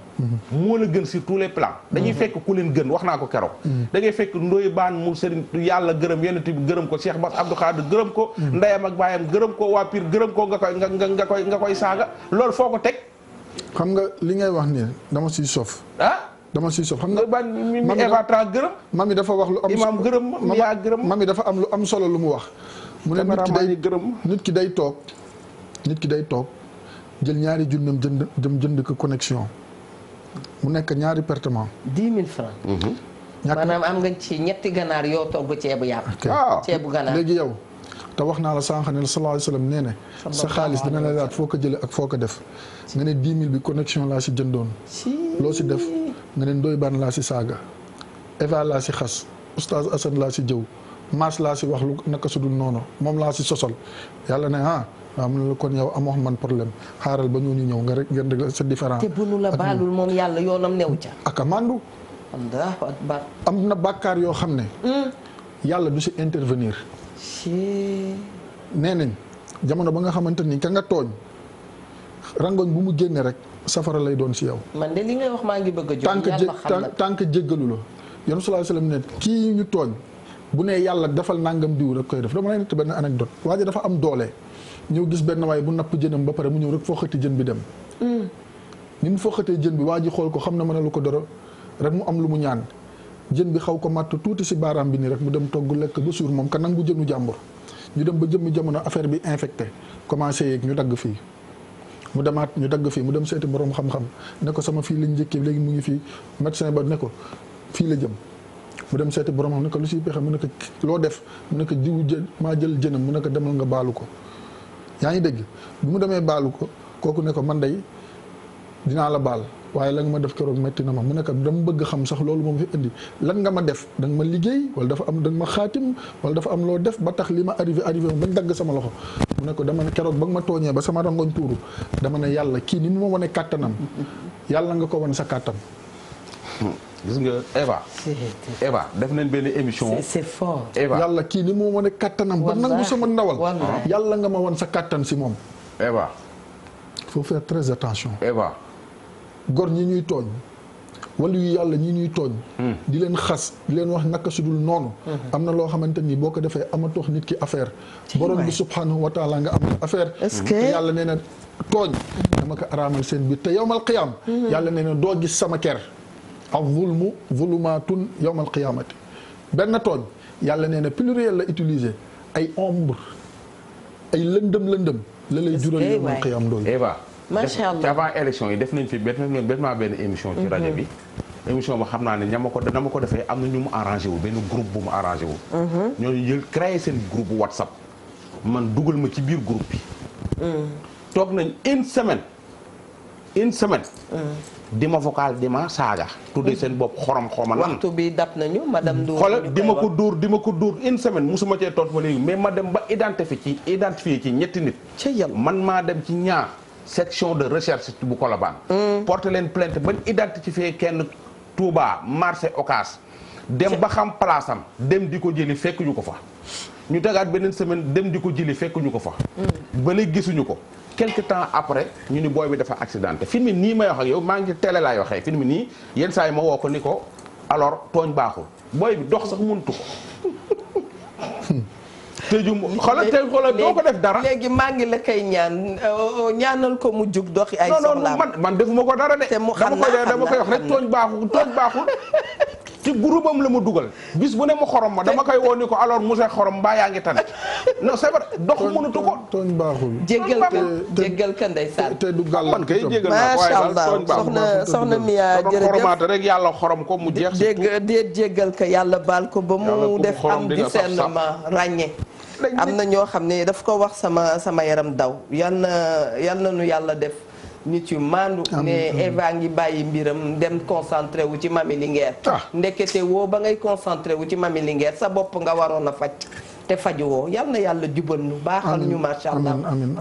moo la gën sur tous les plans dañuy fekk ku leen gën wax naa ko keroog da ngay fekk ndoy baan mu sëriñ yàlla gërëm yonent ko Cheikh Bass ko gërëm ko waa Pire gërëm ko nga koy nga koy nga koy saaga loolu foo ko teg. xam nga li ngay wax nii dama siy sof. Ah? dama siy sof xam nga. ban mi mi dafa wax lu am gërëm yaa gërëm. mami dafa am lu am solo lu mu wax. mu ne nit ki day gërëm nit ki day toog. nit ki day toog jël ñaari junnam jënd jëm jënd ko connexion. mu nekk ñaari pertement. 10 000 francs. ñàkk maanaam am nga ci ñetti ganaar yoo togg ceebu yàpp. Ah. ceebu ganaar léegi yow. te wax naa la sànq ne sallallahu alayhi nee na sa xaalis dina la laaj foo ko jëlee ak foo ko def nga ne dix mille bi connexion laa si jëndoon loo si def nga ne ndoy baan laa si saaga Eva laa si xas oustaz Assane laa si jëw maas laa si wax lu naka su dul noonu moom laa si sosol yàlla ne ah waaw mu ne la kon yow amoo man problème xaaral ba ñoo ñu ñëw nga rek ngeen rek sa différence. te bu nu la baalul moom yàlla yoonam new ca. ak a màndu. allahu akbar. am na bàkkaar yoo xam ne. Hmm. yàlla du si intervenir. nee nañ jamono ba nga xamante ni ka nga tooñ rangoñ bu mu génne rek safara lay doon si yow. man li ngay wax maa ngi bëgg a jóg tànk jéggalu la yoonu sallallahu alayhi wasallam ne kii ñu tooñ bu ne yàlla defal nangam diw rek koy def dama lay nett benn anecdote waa ji dafa am doole ñëw gis benn waaye bu napp jënam ba pare mu ñëw rek foo xëti jën bi dem hmm. ni mu foo xëtee jën bi waa ji xool ko xam na mën a lu ko dara rek mu am lu mu ñaan jën bi xaw ko matt tuuti si baaraam bi nii rek mu dem togg lekk ba suur moom ka nangu jënu jàmbur ñu dem ba jëmmi jamono affaire bi infecté commencé yeeg ñu dagg fii mu demaat ñu dagg fii mu dem seeti borom xam ne ko sama fii lañ njëkkee léegi mu ngi fii médecin ba ne ko fii la jëm mu dem seeti borom xam ne ko lu siy pexe mu ne ko loo def mu ne ko diw jë maa jël jënam mu ne demal nga baalu ko yaa ngi dégg bi mu demee baalu ko kooku ne ko man dey dinaa la baal waaye la nga ma def keroog métti na ma mu ne ko dama bëgg xam sax loolu moom fi indi lan nga ma def danga nga ma liggéey wala dafa am da nga ma xaatim wala dafa am loo def ba tax li ma arrivé arrivé ma bañ dagg sama mu ne ko dama keroog ba nga ma tooñee ba sama rangoñ tuuru dama ne yàlla kii ni mu ma wane kàttanam yàlla nga ko wan sa kàttan nga Eva. Eva def nañ benn émission. c'est fort. Eva kii ni mu ma wane kàttanam ba nangu sama ndawal. yàlla nga ma wan sa kàttan si moom. Eva. il faut attention. gor ñi ñuy tooñ wala yu yàlla ñi ñuy tooñ hmm. di leen xas di leen wax naka sudul noonu hmm. am na loo xamante ni boo ko defee amatoox nit ki affaire borom bi subhanahu wa nga am affaire hmm. te yàlla nee na tooñ dama ko araamal seen biir te yow yowmal qiyaam yàlla nee na doo gis sama ker ak zulmu yow yowmal qiyaamati benn tooñ yàlla nee na pluriel la utiliser ay ombre ay lëndëm lëndëm la lay jural yowmal qiyaam doolu macha allah avant élection yi def nañ fi bet nañ benn émission ci rajo mhm. bi émission ba xam naa ne ñama ko dama ko defee am na ñu mu arrangé wu benn groupe bu mu arrangé ñoo mhm. ñooñu jël créé seen groupe whatsapp man dugal ma ci biir groupe bi mhm. toog nañ une semaine une semaine di ma vocal di ma saaga tuddee seen bopp xorom xoma lan waxtu bi dab nañu madame Ndour xoolal di ma ko dóor di ma ko dóor une semaine mu musuma cee tontu ba léegi mais ma dem ba identifié ci identifié ci ñetti nit man maa dem ci ñaar section de recherche bu Colobane mm. porte leen ba plainte ci identifier kenn Touba marché Ocass dem ba xam place am dem di ko jëli fekk ñu ko fa ñu tegaat beneen semaine dem di ko jëli fekkuñu ko fa mm. ba léegi gisuñu ko quelque temps après ñu ni booy bi dafa accidenté fi mu nii may wax ak yow maa ngi télé laay waxee fi mu nii yenn saa yi ma woo ko ni ko alors tooñ baaxul booy bi dox sax mëntu ko tëjum xoolal tey doo ko def dara. léegi maa ngi la koy ñaan euh, ñaanal ko mu jug doxi ay soxlaam non non man man defuma ko dara de. te mu xam naa dama koy wax rek tooñ baaxul tooñ baaxul. ci groupe am la ma dugal bis bu ne mu xorom ma dama koy woo ko alors monsieur xorom mbaa yaa ngi tane non c'est vrai dox mënatu ko tooñ baaxul te du gàll man kay jéggal naa waaye daal yàlla xorom ko mu jeex dégg yàlla baal ko ba mu am na ñoo xam ne daf ko wax sama sama yaram daw yal na yal na nu yàlla def nit yu maandu ne Eva ngi bàyyi mbiram dem concentré wu ci Mami Linguère ah. ndekete woo ba ngay concentré wu ci Mami Linguère sa bopp nga waroon a faj te fajuwoo yal na yàlla jubal nu baaxal ñu macha allah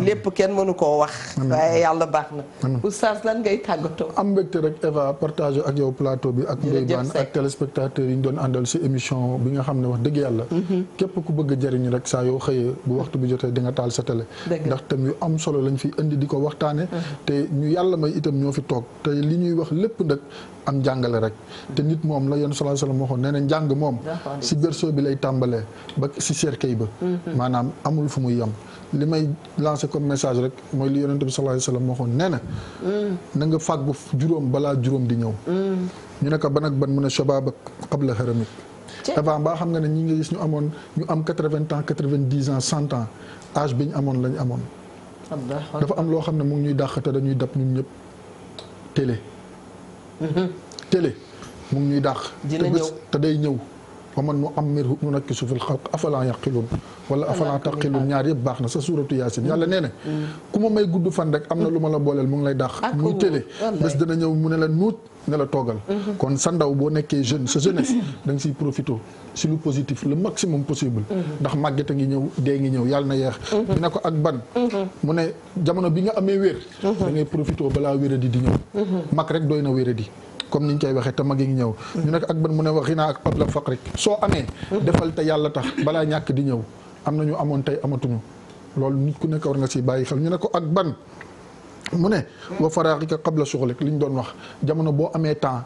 lépp kenn mënu koo wax waaye yàlla baax na oustaz lan ngay tàggatoo am mbégte rek Eva partage ak yow plateau bi ak Ndeye Bane ak téléspectateurs yi ñu doon àndal si émission bi nga xam ne wax dëgg yàlla mhm. képp ku bëgg jëriñu rek saa yoo xëyee bu waxtu bi jotee di taal sa télé ndax tam yu am solo lañ fi indi di ko waxtaane mhm. te ñu yàlla may itam ñoo fi toog te li ñuy wax lépp nag am jàngale rek te nit moom la yéen sallallahu alayhi wasallam waxoon nee na njàng moom si berceau bi lay tàmbalee ba si cercueil ba mhm. maanaam amul fu muy yem li may lancé comme message rek mooy li yonent bi sallallahu alayhi wasallam waxoon nee na mhm. na nga fàggu juróom balaa juróom di ñëw mhm. ñu ne ko ban ak ban mun a shababak qabla haramik avant baa xam nga ne ñu ngi gis ñu amoon ñu am quatre-vingts ans quatre-vingt-dix ans cent ans âge bi ñu amoon lañ amoon dafa am loo xam ne mu ngi ñuy dàq te dañuy dab ñun ñëpp télé télé mu ngi ñuy dàq. dina ñëw te day ñëw. wa man nu ammirhu nunakkishu fil xalq afala yaqilun wala afala taqilun ñaar yëpp baax na sa suuratu yaasin yàlla nee na mm. ku ma may gudd fan rek am na lu ma la booleel mu ngi lay dàq muy télé bés dina ñëw mu ne la nuut ne la toogal. Mhm. kon sa ndaw boo nekkee jeune sa jeunesse mhm. da nga siy profité si lu positif le maximum possible. Mhm. ndax màgget a ngi ñëw dee ngi ñëw yàlla na yeex. ñu ne ko ak ban. mu ne jamono bi nga amee wér. da ngay profité balaa wéradi di ñëw. mag rek doy na wéradi. comme niñ koy waxee te mag yi ngi ñëw. ñu ne ko ak ban mu ne rek soo amee. defal te yàlla tax balaa ñàkk di ñëw am na ñu amoon tey amatuñu. loolu nit ku nekk war nga si bàyyi xel ñu ne ko ak ban mu ne wa faraaxika qabla suxlik li ñu doon wax jamono boo amee temps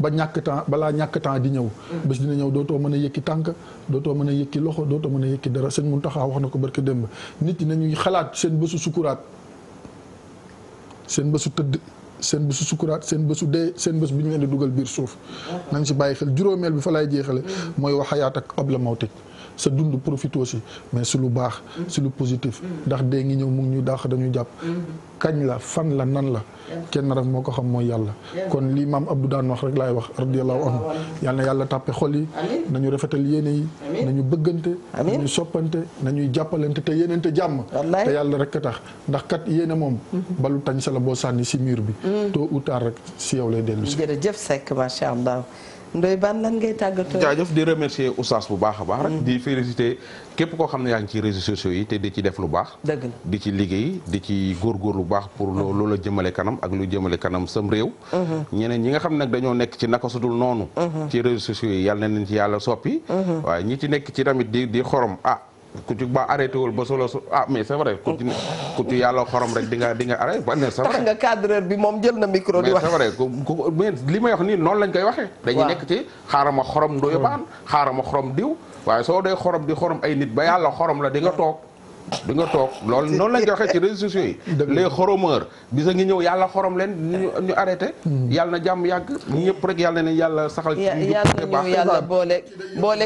ba ñàkk temps balaa ñàkk temps di ñëw bés dina ñëw dootoo mën a yëkki tànk dootoo mën a yëkki loxo dootoo mën a yëkki dara sëñ Muntaxa wax na ko barke démb nit ñi nañuy xalaat seen bésu sukkuraat seen bésu tëdd seen bésu sukkuraat seen bésu dee seen bés bi ñu leen di dugal biir suuf nañ si bàyyi xel juróomeel bi fa laay jeexale mooy wax waxayaat ak qabla mawtik sa dund profité aussi mais si lu baax si lu positif ndax dee ngi ñëw mu ngi ñu dàq dañu jàpp kañ la fan la nan la kenn rek moo ko xam mooy yàlla kon lii maam Abdou daan wax rek laay wax radiyallahu anhu yàlla na yàlla tàppe xol yi nañu rafetal yéene yi nañu bëggante nañu soppante ñuy jàppalante te yéenante jàmm te yàlla rek a tax ndax kat yéene moom mhm. balu tañ sa la boo sànni si miir bi mhm. tôt ou rek si yow lay dellu si jërëjëf Seck Ndoye Bane lan ngay tàggatoo jaajëf di remercier Oustaz bu baax a baax rek mm. di féliciter képp koo xam ne yaa ngi ci réseaux sociaux yi te di ci def lu baax dëgg di ci liggéey di ci góor góor lu baax pour mm. loolu la jëmale kanam ak lu jëmale kanam sam réew mm-hmm. ñeneen ñi nga xam nag dañoo nekk ci naka sudul noonu mm-hmm. ci réseaux sociaux yi yàlla na leen ci yàlla soppi mm-hmm. waaye ñi ci nekk ci tamit di di xorom ah ku ci ba arrêté wul ba solo ah mais c'est vrai ku yàlla xorom rek di nga di nga arrêté ba ne c'est vrai tax nga cadreur bi moom jël na micro di wax mais c'est vrai mais li may wax nii noonu lañ koy waxee dañuy nekk ci xaaral ma xorom ndoyu baan hmm. xaaral ma xorom diw waaye soo dee xorom di xorom ay nit ba yàlla xorom la di nga hmm. toog di nga toog loolu noonu lañ ko waxee ci réseaux sociaux yi. les xoromeurs bisa ngi ñëw yàlla xorom leen ñu ñu arrêté. Hmm. yàlla na jàmm yàgg yëpp rek yàlla na yàlla saxal. ci ñu yàlla ñu yàlla boole boole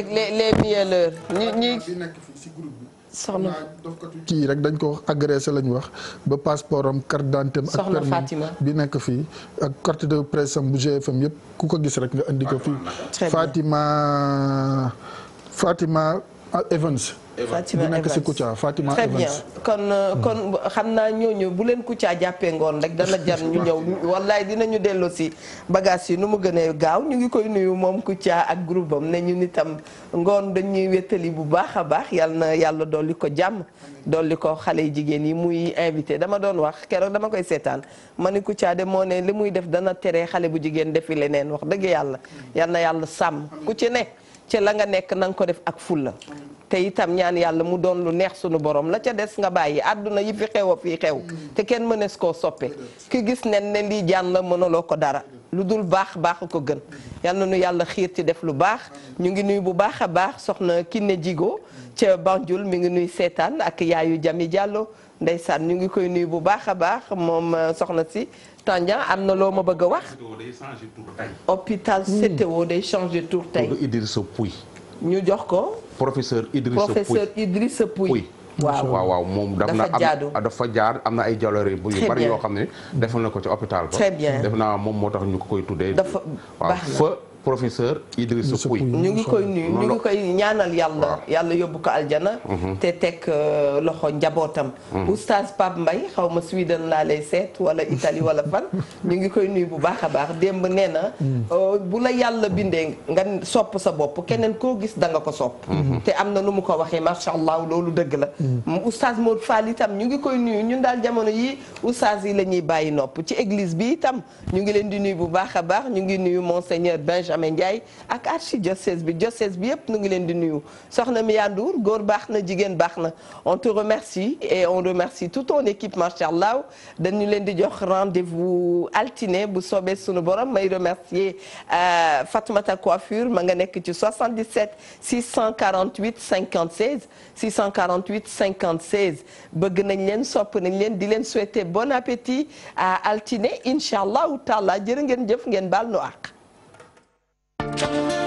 kii rek dañ ko agressé lañ wax ba passeport am carte d'identité am ak permis bi nekk fii ak carte de presse am bu GFM yëpp ku ko gis rek nga indi ko fii Fatima Fatima Evans Fatima Evans bu nekk si Kouthia Fatima Evans. très kon hmm. kon xam naa ñooñu bu leen Kouthia jàppee ngoon rek dana jar ñu ñëw wallaay dinañu delloo si bagage yi nu mu gënee gaaw ñu ngi koy nuyu moom Kouthia ak groupe am ne ñu nitam ngoon dañuy wétali bu baax a baax yal na yàlla dolli ko jàmm. dolli ko xale yi jigéen yi muy invité dama doon wax keroog dama koy seetaan ma ni Kouthia de moo ne li muy def dana tere xale bu jigéen defi leneen wax dëgg yàlla. yal yàlla sàmm ku ci ne. ci la nga nekk nanga ko def ak fulla te itam ñaan yàlla mu doon lu neex sunu borom la ca des nga bàyyi àdduna yi fi xew a fii xew te kenn mënees koo soppe ki gis nen ne lii jaan la mënaloo ko dara lu dul baax baax ko gën yal na nu yàlla xiir ci def lu baax ñu ngi nuy bu baax a baax soxna Kiné Jigo ca Banjul mi ngi nuy seetaan ak yaayu Jami Diallo ndeysaan ñu ngi koy nuy bu baax a baax moom euh, soxna si Tandian am na loo ma bëgg a wax. hôpital CTO day changé tur tey. Hmm. Idrissa Pouy. ñu jox ko. professeur Idrissa Pouy professeur Idrissa Pouy. waaw waaw moom daf na am ah, dafa jaar am na ay jaloore bu yu bari yoo xam ne defal na ko ci hôpital ba. bien def naa moom moo tax ñu ko koy tuddee. dafa baax na professeur Idrissa Pouye ñu ngi koy nuyu ñu ngi koy ñaanal yàlla yàlla yóbbu ko aljana mhm. te teg euh, loxo njabootam mhm. oustaz Pape Mbaye xaw Sweden laa lay seet wala Italie wala fan ñu ngi koy nuyu bu baax a baax démb na mhm. euh, bu la yàlla bindee nga sopp sa bopp keneen koo gis da ko sopp te na nu mu ko waxee macha la oustaz Modou ñu ngi koy yi oustaz yi la bàyyi nopp ci église bi itam ñu ngi leen di nuyu bu baax a baax ñu ngi nuyu monseigneur Benjamin Amé Ndiaye ak archidiocèse bi diocèse bi yëpp nu ngi leen di nuyu soxna Mia Ndour góor baax na jigéen baax na on te remercie et on remercie toute ton équipe macha allah dañu leen di jox rendez-vous altine bu soobee sunu borom may remercier euh, Fatoumata Coiffure ma nga nekk ci 77 648 56 648 56 bëgg nañ leen sopp nañ leen di leen souhaiter bon appétit à altiné incha allahu taala jërë ngeen jëf ngeen baal nu àq Thank you.